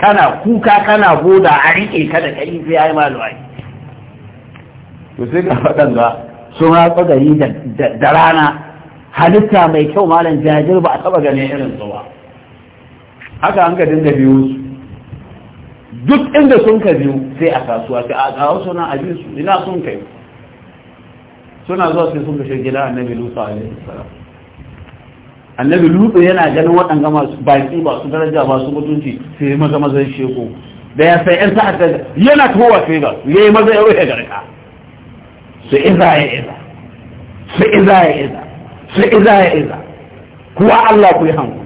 kana kuka kana goda a riƙe ka da kai sai ai maluwai to sai ga waɗanda sun ratsa gari da rana halitta mai kyau malam jajir ba a taba ganin irin zuwa. ba haka an ka dinga biyo su duk inda sun ka biyo sai a kasuwa sai a kawo suna abin su ina sun kai suna zuwa sai sun kashe gida annabi lusa alaihi salam annabi lutsu yana ganin waɗanga masu baki ba su daraja ba su mutunci sai ya maza mazan sheko da ya sai yan sa'a yana towa sai ga ya yi maza ya rufe garka su iza ya iza su iza ya iza su iza ya iza kuwa Allah ku yi hanku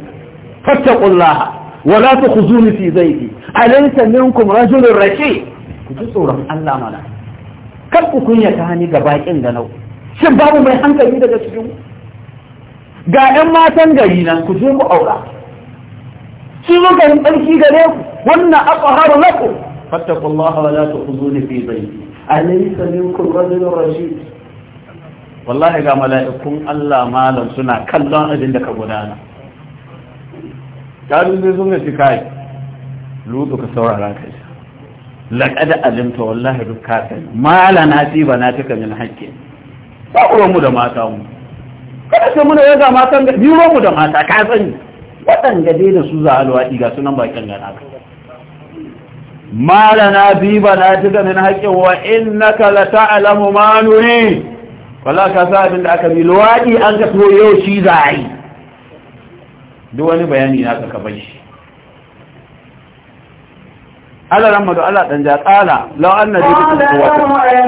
fattaqullaha wa la tukhzuni fi zaiti alaysa minkum rajulun rashi. ku ji tsoron Allah mana kar ku kunya ta hani ga bakin da nau shin babu mai hankali daga cikin ku ga 'yan matan gari nan ku je ku aura shi muka yin tsarki gare ku wannan na ku. aqharu lakum za ta la tukhzuni fi dhayti alaysa minkum rajulun rashid wallahi ga mala'ikun Allah malam suna kallon abin da ka gudana kalu zai sun ci kai lutu ka saurara kai laqad alimta wallahi duk kafin. sani mala nasiba na tuka min haƙƙi. ba mu da mata mu kada ce muna yaga matan ga biyo mu da mata ka sani waɗanda dai da su za a luwaɗi ga sunan bakin gana ka malana bi bana ne min haƙƙin wa innaka la ta'lamu ma nuri wala ka sa abin da aka bi luwaɗi an ka so yau shi za a duk wani bayani na ka ka bai shi Allah ran madu Allah ɗan jatsala, lau an na jirgin kuwa. Kwanan wa’an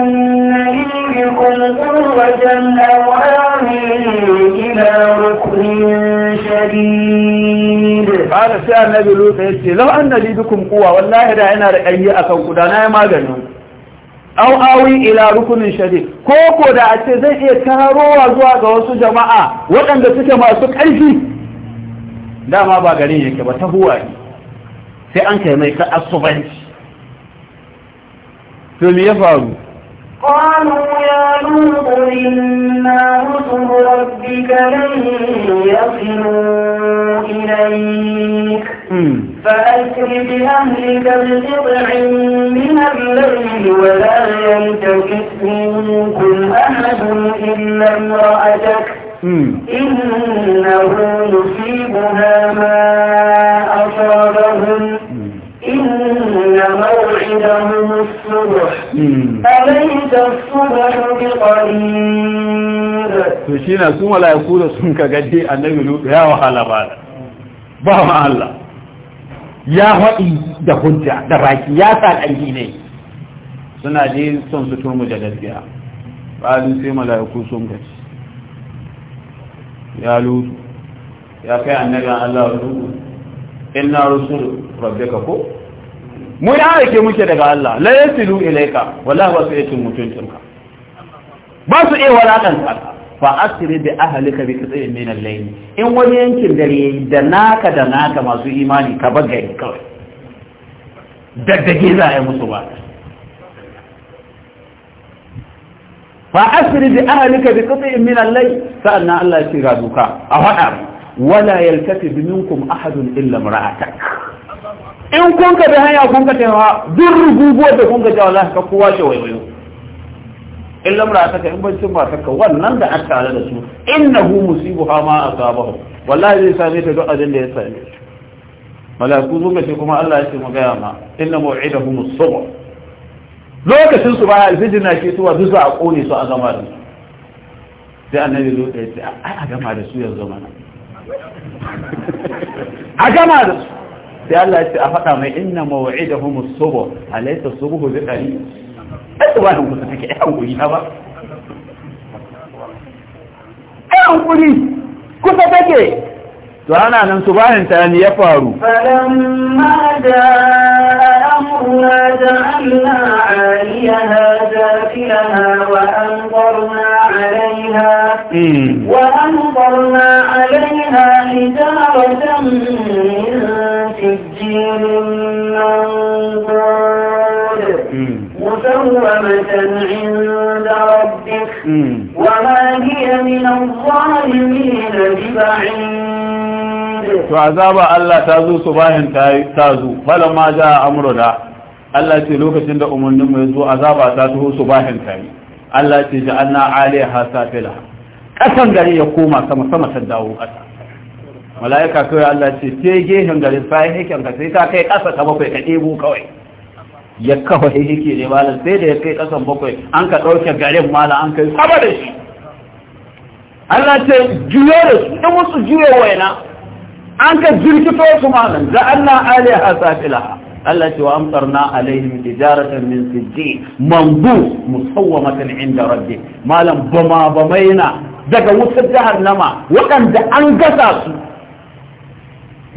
Ƙara sai annabi Lusa ya ce, "Lau an na dukun kuwa, wallahi da yana da ɗanyi a kan ku, na yi maganin ku, au awi ila rukunin shari, ko ko da a ce zai iya tarowa zuwa ga wasu jama'a waɗanda suke masu ƙarfi, dama ba garin yake ba ta huwa ne. sai an kai mai ta'assubanci to me ya faru قالوا يا لوط إنا رسل ربك لن يصلوا إليك فأسر بأهلك بقطع من الليل ولا يلتفت منكم أحد إلا امرأتك إنه يصيبها to shi na sun wala ya da sun ka gaje yi lutu ya wahala ba ba ma Allah ya haɗi da hujja da baki ya sa ƙangi ne suna je son su turmu da gaskiya ƙalin sai mala'iku sun gaci ya lutu ya kai annabin Allah lutu inna rusul rabbika ko Mun ya muke daga Allah la yasilu ilayka wallahi ba su iya cin mutuncinka ba su iya walakanta fa asri bi ahlika bi qit'in min al-layl in wani yankin dare da naka da naka masu imani ka bar gari kawai daddage za a yi musu ba fa asri bi ahlika bi qit'in min al-layl sa'anna Allah ya ce ga duka a hada wala yaltafi minkum ahadun illa imra'atak in kun ka bi hanya kun ka taimawa duk rububuwar da kun ka jawo Allah ka kowa ce waiwayo in lamra ta in bai cin ka wannan da aka tare da su innahu musibu ha ma asabahu wallahi zai same ta duk abin da ya same ta malaku zo ka ce kuma Allah ya ce mu gaya ma inna mu'idahum as-subh lokacin su ya alfijir na ke su duk za a kone su a gama da su sai annabi zo ya ce a gama da su yanzu mana a gama da su sai Allah ya ce a faɗa mai inna da as-subh alaysa as-subh bi qari ai ba nan kusa take ya hankuri ba ya hankuri kusa take to ana nan su subahin ta ya faru falamma da amruna ja'alna 'aliyaha zafilaha wa منظور مسومة عند ربك وما هي من الظالمين ببعيد تعذاب الله تازو صباح تازو فلما جاء أمرنا Allah ce lokacin da umarninmu ya zo azaba ta taho su bahin tayi Allah ce ja'alna alaiha safilaha kasan gari ya koma sama sama ta dawo kasa mala'ika kawai Allah ce ce gehen garin sayan hikin ka sai ka kai ƙasa ta bakwai ka ɗebo kawai ya kawai hiki ne malam sai da ya kai ƙasan bakwai an ka ɗauke garin malam an kai saba da shi Allah ce juyo da su ɗin wasu juyo waina an ka jirkito su malam Da Allah alaiha safilaha Allah ce wa amsarna alaihim tijaratan min sijji mambu musawwamatan inda rabbi malam bama bamaina daga wutar nama waɗanda an gasa su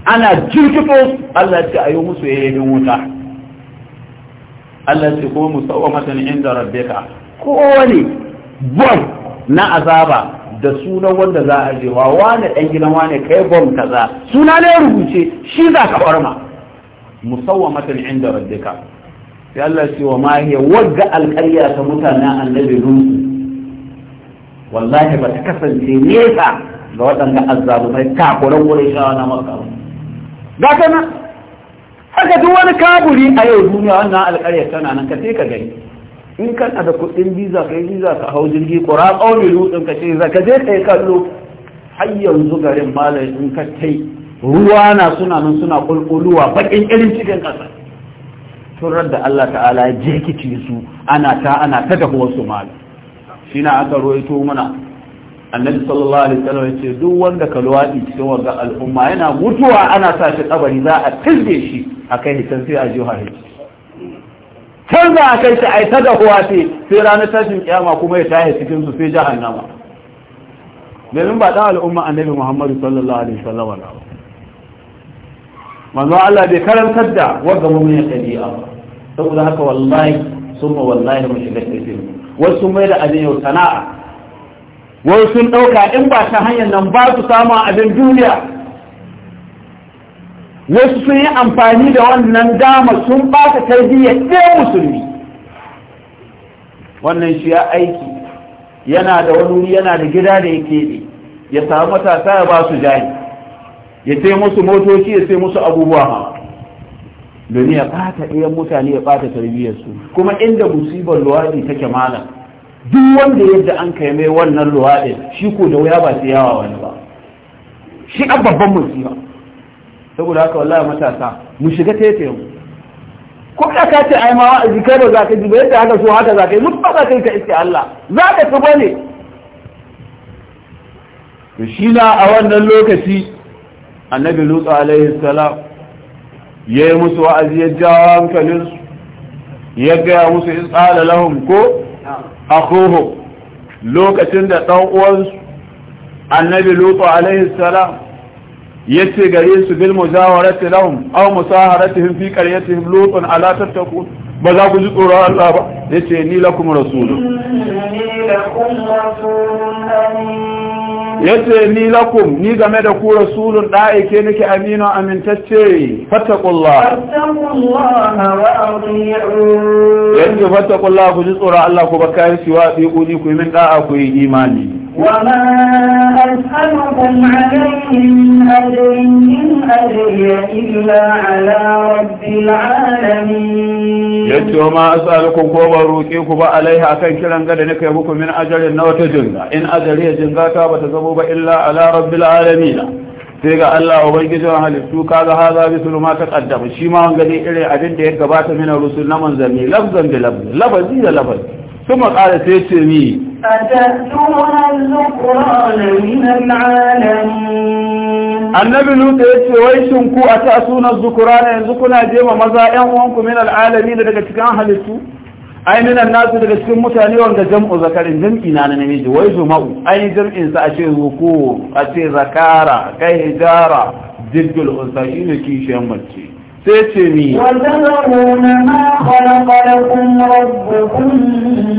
ana jirkito Allah ce ayo musu yayin wuta Allah ce ko musawamatan inda rabbika kowane bom na azaba da sunan wanda za a wa wani ɗan gidan wani kai bom kaza suna ne rubuce shi za ka farma musawamatan inda rabbika sai Allah ce wa ma hiya wagga alƙarya ta mutanen annabi Nuhu wallahi ba ta kasance nesa ga waɗanda mai kakuran wurin shawa na maka gata nan haka duk wani kaburi a yau duniya wannan alƙaryar tana nan ka ka gani in kana da kuɗin biza ka yi biza ka hau jirgi ƙura ƙauni lutsin ka ce za ka je ka yi kallo har yanzu garin malam in ka tai ruwa na suna nan suna ƙulƙuluwa baƙin irin cikin ƙasa turar da Allah ta'ala ya je su ana ta ana ta dahuwar wasu malu. shi na aka roito mana annabi sallallahu alaihi wasallam yace duk wanda ka luwadi cikin wanda al'umma yana mutuwa ana sa shi kabari za a tilde shi akai hitan sai a jiha shi can za a kai shi a yi ta dahuwa sai sai ranar tashin kiyama kuma ya tashi cikin su sai jahannama domin ba dan al'umma annabi muhammadu sallallahu alaihi wasallam ba manzo Allah bai karantar da wanda mun ya kadiya saboda haka wallahi summa wallahi mun shiga cikin wasu mai da abin sana'a wai sun ɗauka in ba ta hanyar nan ba su samun abin duniya wasu sun yi amfani da wannan dama sun ba ta tarbiyya ɗaya musulmi wannan shi ya aiki yana da wani wuri yana da gida da ya keɓe ya samu matasa ya ba su jari ya sai musu motoci ya sai musu abubuwa ma domin ya ɓata ɗayan mutane ya ɓata tarbiyyarsu kuma inda musibar luwaɗi take malam duk wanda yadda an kai mai wannan luwaɗin shi ko da wuya ba su yawa wani ba shi a babban musiba saboda haka wallahi matasa mu shiga tete mu ko da ka ce ai ma wa'azi kai ba za ka ji ba yadda haka so haka za ka yi mutu ba ka yi ka iske Allah za ka ci bane to shi na a wannan lokaci annabi lutsu alaihi salam ya yi musu wa'azi ya jawo hankalinsu ya gaya musu in tsala lahum ko akhuhu lokacin da dan uwansu annabi lutu alaihi salam yace gare su bil muzawarati lahum aw musaharatihim fi qaryatihim lutun ala tattaqun ba za ku ji tsoron Allah ba yace ni lakum rasulun ni lakum rasulun yace ni lakum ni game da ku rasulun da yake nake aminu amintacce fattaqullah fattaqullah ku ji tsoro Allah ku baka yi siwa bi ku ni ku min da'a ku yi imani وما أسألكم عليه من أجر من أجري إلا على رب العالمين yace wa ma as'alukum ko ba roƙe ku ba alaiha akan kiran ga da nake muku min ajalin na wata jinga in ajali jinga ta bata zamo ba illa ala rabbil alamin sai ga Allah ubangijin halittu kaga haza bisul ma ta kaddama shi ma wanga ne irin abin da ya gabata mina rusul na manzanni lafzan da lafzi lafazi da lafazi kuma qala sai ce mi annabi nuta ya ce wai shin ku a ta sunan zukurana yanzu kuna je ma maza yan uwanku min al'alami da daga cikin halittu ai min nasu daga cikin mutane wanda jam'u zakarin jam'i na namiji wai juma'u ai jam'in sa a ce zuku zakara kai hijara jirgul usa shine kishiyan mace sai ce ni وَتَذَرُونَ مَا خَلَقَ لَكُمْ رَبُّكُمْ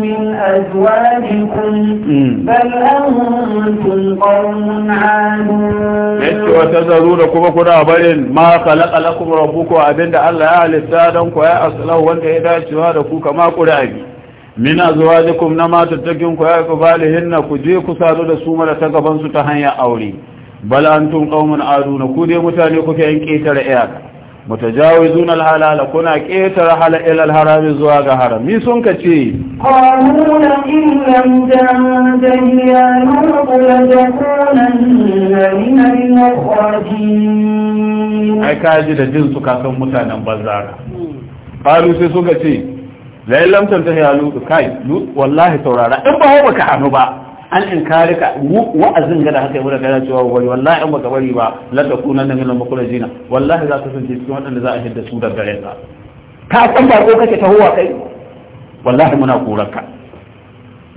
مِنْ kuma kuna barin ma khalaqa lakum rabbukum abinda Allah ya halitta don ku ya aslahu wanda ya dacewa da ku kama qur'ani zuwa azwajikum na matattakin ku ya kubalihinna ku je ku sadu da su mara ta gabansu ta hanyar aure bal tun qaumun aduna ku dai mutane kuke yan ƙetare iyaka Muta jawo mutajawizuna halala, kuna ƙetare halal alharami zuwa ga harami sun ka ce qaluna in lam tantahi ya nuqul takunanna min al-mukhrajin ai kaji da jin su kasan mutanen bazara qalu sai suka ce la lam tantahi ya nuqul kai wallahi saurara. in ba ka hanu ba an in inkarika wa'azin da haka yau da kana cewa wani wallahi in baka bari ba la takuna nan min al-mukhrajin wallahi za ka san cikin waɗanda za a hidda su da gare ka ka san ba ko kake huwa kai wallahi muna korarka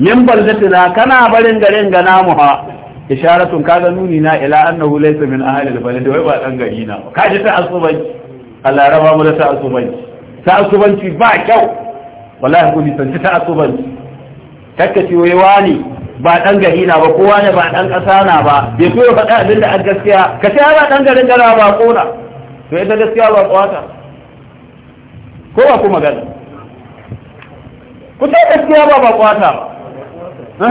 min baldatina kana barin garin ga namu ha isharatun kaga nuni na ila annahu laysa min ahli al-balad wai ba dan gari na ka ji ta asubanci Allah raba mu da ta asubanci ta asubanci ba kyau wallahi ku ni san ta asubanci takkaci wai wani ba dan gari na ba kowa ne ba dan ƙasa na ba bai so ya faɗa abin da an gaskiya ka ce ba dan garin gara ba kona to ita gaskiya ba kwata ko ba kuma gani Kusa gaskiya ba ba kwata ba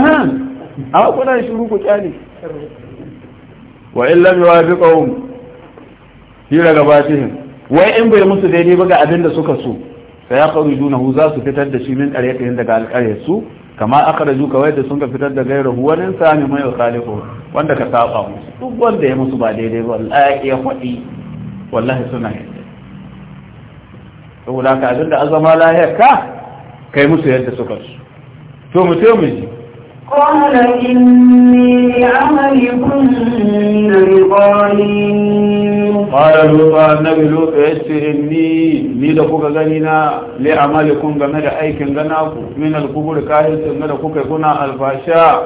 amma kuna shiru ku kyale wa in lam yuwafiqhum fi ragabatihim wai in bai musu daidai ba ga abin da suka so sai ya kawo juna za su fitar da shi min ƙaryatayin daga alƙaryar su kama aka akhraju ka da sun ka fitar da gairu huwanin sami mai alkhalifu wanda ka saba musu duk wanda ya musu ba daidai ba wallahi ya faɗi. wallahi suna yadda saboda ka abinda azama lahiyar ka kai musu yadda suka su to mutum ce قال إني لعملكم من القالين قال لوط النبي لوط يشفي إني ني da kuka gani na li amalikum game da aikin gana ku min al-kubur kayan da kuka kuna alfasha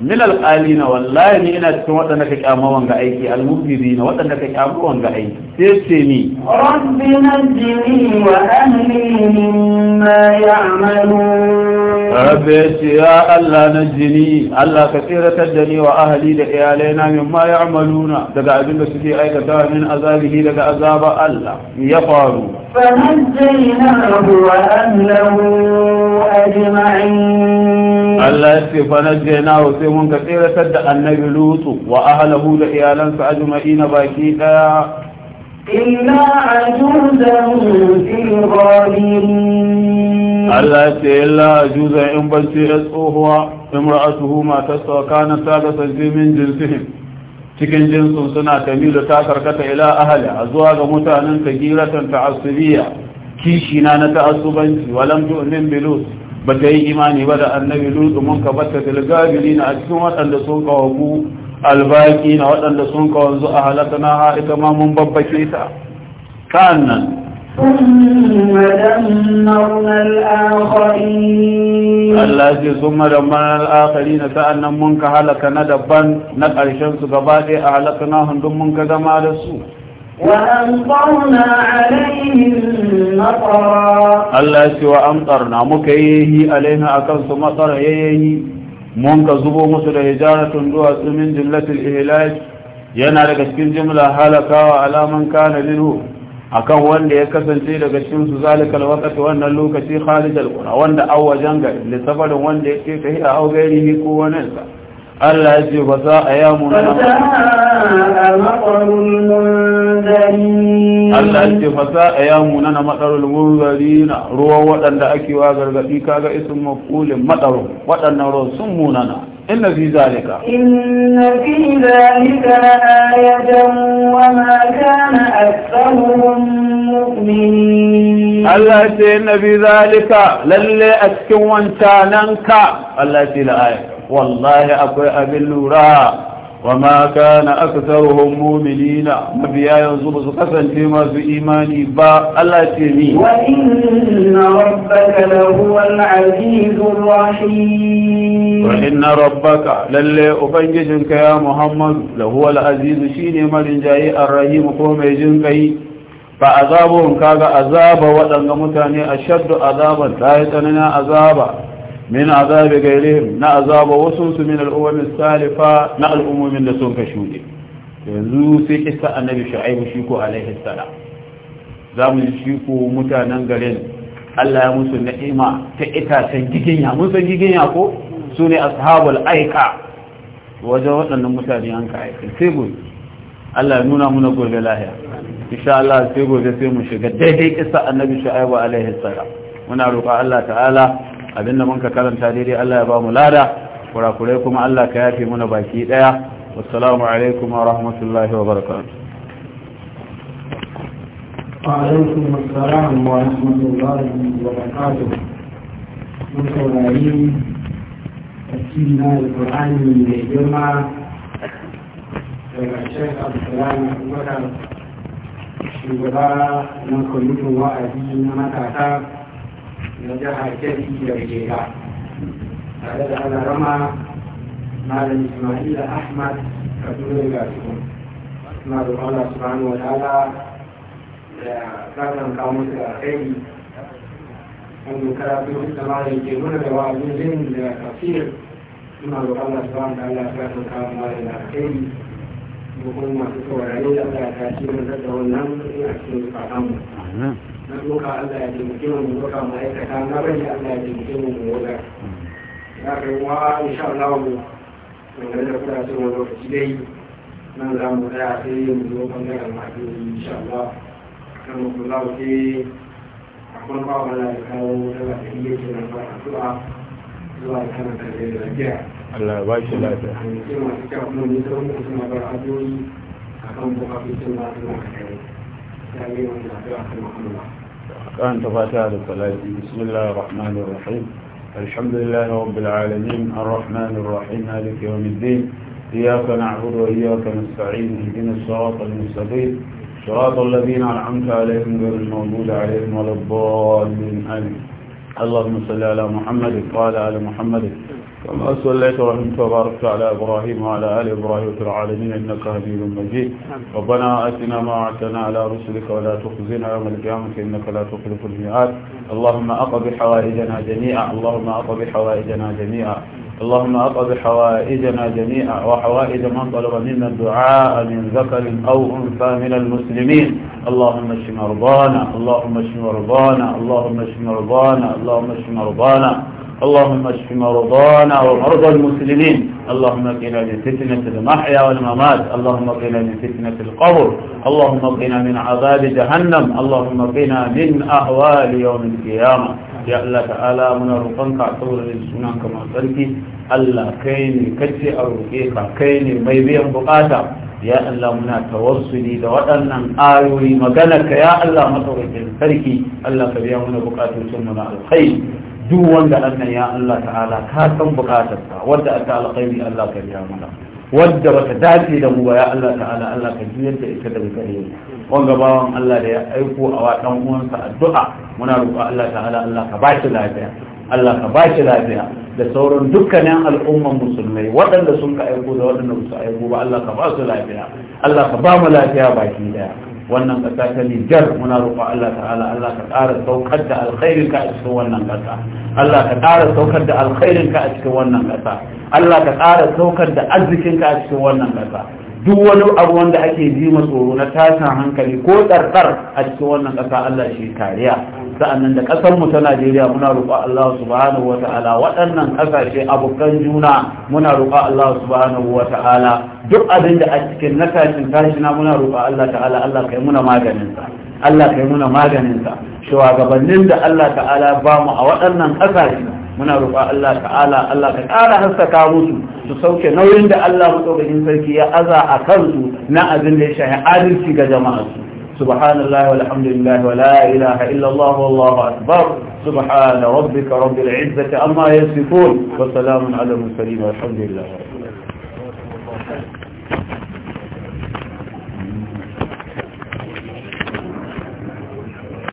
min alqalina wallahi ni ina cikin waɗanda ka kyama wanga aiki almubdirina waɗanda ka kyama wanga aiki sai ce ni rabbi najini wa ahli mimma ya'malun rabbi ce ya Allah jini. Allah ka tsiratar da ni wa ahli da iyalaina mimma ya'maluna daga abin da suke aikata min azabihi daga azaba Allah ya faru فنجيناه وأهله أجمعين Allah ya ce fa najjayna wa sai mun ka tseratar da annabi lutu wa ahlahu da iyalansa ajma'ina baki daya illa ajuzan fil ghabirin Allah ya ce illa ajuzan in ban ce tsohuwa imra'atuhu matarsa kana ta ga min jinsihim cikin jinsun suna tamilu ta karkata ila ahali a zuwa ga mutanen ta giratan ta'assubiya kishina na ta'assubanci walam tu'min bilus ba ta yi imani ba da annabi lutsu mun ka batta tilgabili na a cikin waɗanda sun kawo kawagu albaki na waɗanda sun kawanzu a halatta na ha ita ma mun babbake ta kan nan Allah ce sun madamman al'akari na sa'an nan mun ka halaka na daban na ƙarshen su gaba ɗaya a halaka na hundun mun ka zama da su Allah ya ce wa amtar na muka yi alaina a kansu matsara ya yi mun ka zubo musu da hijaratun zuwa tsumin jillatul ihlas yana daga cikin jimla halakawa alaman kana lilu akan wanda ya kasance daga cikin su zalikal waqti wannan lokaci khalidul qura wanda awajan ga lisabarin wanda yake kai a hawgairi ko wani sa Allah ya ce ba za a yamu na munzari Allah ya ce fasa a yamu na na matsarul munzari na ruwan waɗanda ake wa gargaɗi kaga isin makule matsarun waɗannan ruwan sun munana in na fi zalika in na fi zalika na ayatan wa ma kana aksarun mu'minin Allah ya ce in na fi zalika lalle a cikin wancananka Allah ya ce la ayat wallahi akwai abin lura وما كان أكثرهم مؤمنين مبيا ينظر سقسا فيما في إيماني با الله تيمي وإن ربك لهو العزيز الرحيم وإن ربك للي أبنجشنك يا محمد لهو العزيز شيني من جاي الرحيم قوم يجنكي فعذابهم كاغ عذاب وأنغ متاني أشد عذابا لا يتننا عذابا min azabi gairihim na azaba wasu su min al'ummin salifa na al'ummomin da sun ka shuɗe yanzu sai kisa annabi shu'aibu shi ko alaihi salam za mu ji shi ko Allah ya musu na'ima ta itacen giginya mun giginya ko su ne wajen waɗannan mutane an ka aika sai Allah ya nuna muna gobe lahiya insha Allah sai gobe sai mu shiga daidai kisa annabi shu'aibu alaihi salam muna roƙa Allah ta'ala abinda muka ka karanta dai Allah ya ba mu lada kurakure kuma Allah ka yafe muna baki daya assalamu alaikum wa rahmatullahi wa barakatuh وعليكم السلام ورحمة الله وبركاته من سورارين تفسيرنا القرآن من الجمعة الشيخ عبد السلام أبو بكر شغلاء من كلكم وأبي مكاتا na jihar kebbi da jega tare da ana rama malam ismail ahmad kaduna ga su suna da allah subhanahu wa ta'ala da zakan kawo musu da alkhairi wanda karatu da malam ke nuna da wa'azin jin da tafsir suna da allah subhanahu wa ta'ala zakan kawo malam da alkhairi ko kuma masu saurare da allah ta ce mun da wannan a cikin kakamu na doka Allah ya taimake mu mu doka ma'aikata na bari Allah ya taimake mu mu doka ya kai wa insha Allah mu dangane da kuɗa wani lokaci dai nan za mu tsaya sai mu zo bangaren mafi insha Allah kan mu kula ku sai akwai ba wala ya kawo daga da iya kiran ba addu'a zuwa kana da lafiya Allah ba shi lafiya. A yanzu masu kyau kuma ne sauran kuma bar addu'o'i akan bukatun masu makarai. أنت فاتحة بسم الله الرحمن الرحيم الحمد لله رب العالمين الرحمن الرحيم مالك يوم الدين إياك نعبد وإياك نستعين اهدنا الصراط المستقيم صراط الذين أنعمت عليهم غير الموجود عليهم ولا الضالين آمين اللهم صل على محمد قال على محمد كما صليت ورحمت وباركت على إبراهيم وعلى آل إبراهيم في العالمين إنك حميد مجيد ربنا آتنا ما اعتنا على رسلك ولا تخزنا يوم القيامة إنك لا تخلف الميعاد اللهم أقض حوائجنا جميعا اللهم أقض حوائجنا جميعا اللهم أقض حوائجنا جميعا وحوائج من طلب منا الدعاء من ذكر أو أنثى من المسلمين اللهم اشف مرضانا اللهم اشف مرضانا اللهم اشف مرضانا اللهم اشف مرضانا اللهم اشف مرضانا ومرضى المسلمين اللهم قنا من فتنة المحيا والممات اللهم قنا من فتنة القبر اللهم قنا من عذاب جهنم اللهم قنا من أهوال يوم القيامة ya Allah ta'ala muna roƙonka a ka masu Allah kai ne kace a roƙe ka kai ne mai biyan bukata ya Allah muna tawassuli da waɗannan ayoyi magana ka ya Allah sarki Allah ka biya muna bukatun muna duk wanda annan ya Allah ta'ala ka san bukatarsa wadda aka alkhairi Allah ka biya mana wadda bata dace da mu ba ya Allah ta'ala Allah ka juyar da ita daga gare mu wanga bawan Allah da ya aiko a wa dan uwansa addu'a muna roƙa Allah ta'ala Allah ka ba shi lafiya Allah ka ba shi lafiya da sauran dukkanin al'umman musulmai waɗanda sun ka aiko da waɗanda ba su aiko ba Allah ka ba su lafiya Allah ka ba mu lafiya baki daya wannan ƙasa ta Nijar muna roƙon Allah ta'ala Allah ka ƙara saukar da alkhairin ka a cikin wannan ƙasa Allah ka ƙara saukar da alkhairin ka a cikin wannan ƙasa Allah ka ƙara saukar da arzikin ka a cikin wannan ƙasa duk wani abu wanda ake ji tsoro na tashin hankali ko tsarkar a cikin wannan ƙasa Allah shi kariya sa'annan da ƙasarmu ta Najeriya muna roƙa Allah subhanahu wa ta'ala. waɗannan ƙasashe abokan juna muna roƙa Allah subhanahu wa ta'ala. duk abin da a cikin na tashin tashina muna roƙa Allah ta'ala Allah kai muna maganin sa Allah kai muna maganin sa shugabannin da Allah ta'ala ba mu a waɗannan ƙasashe muna roƙa Allah ta'ala Allah ka ƙara haskaka musu su sauke nauyin da Allah madaukakin sarki ya aza a kansu na abin da ya shahi adalci ga jama'a subhanallah walhamdulillah wala ilaha illa illallah wallahu akbar subhana rabbika rabbil izzati amma yasifun wa salamun ala mursalin walhamdulillah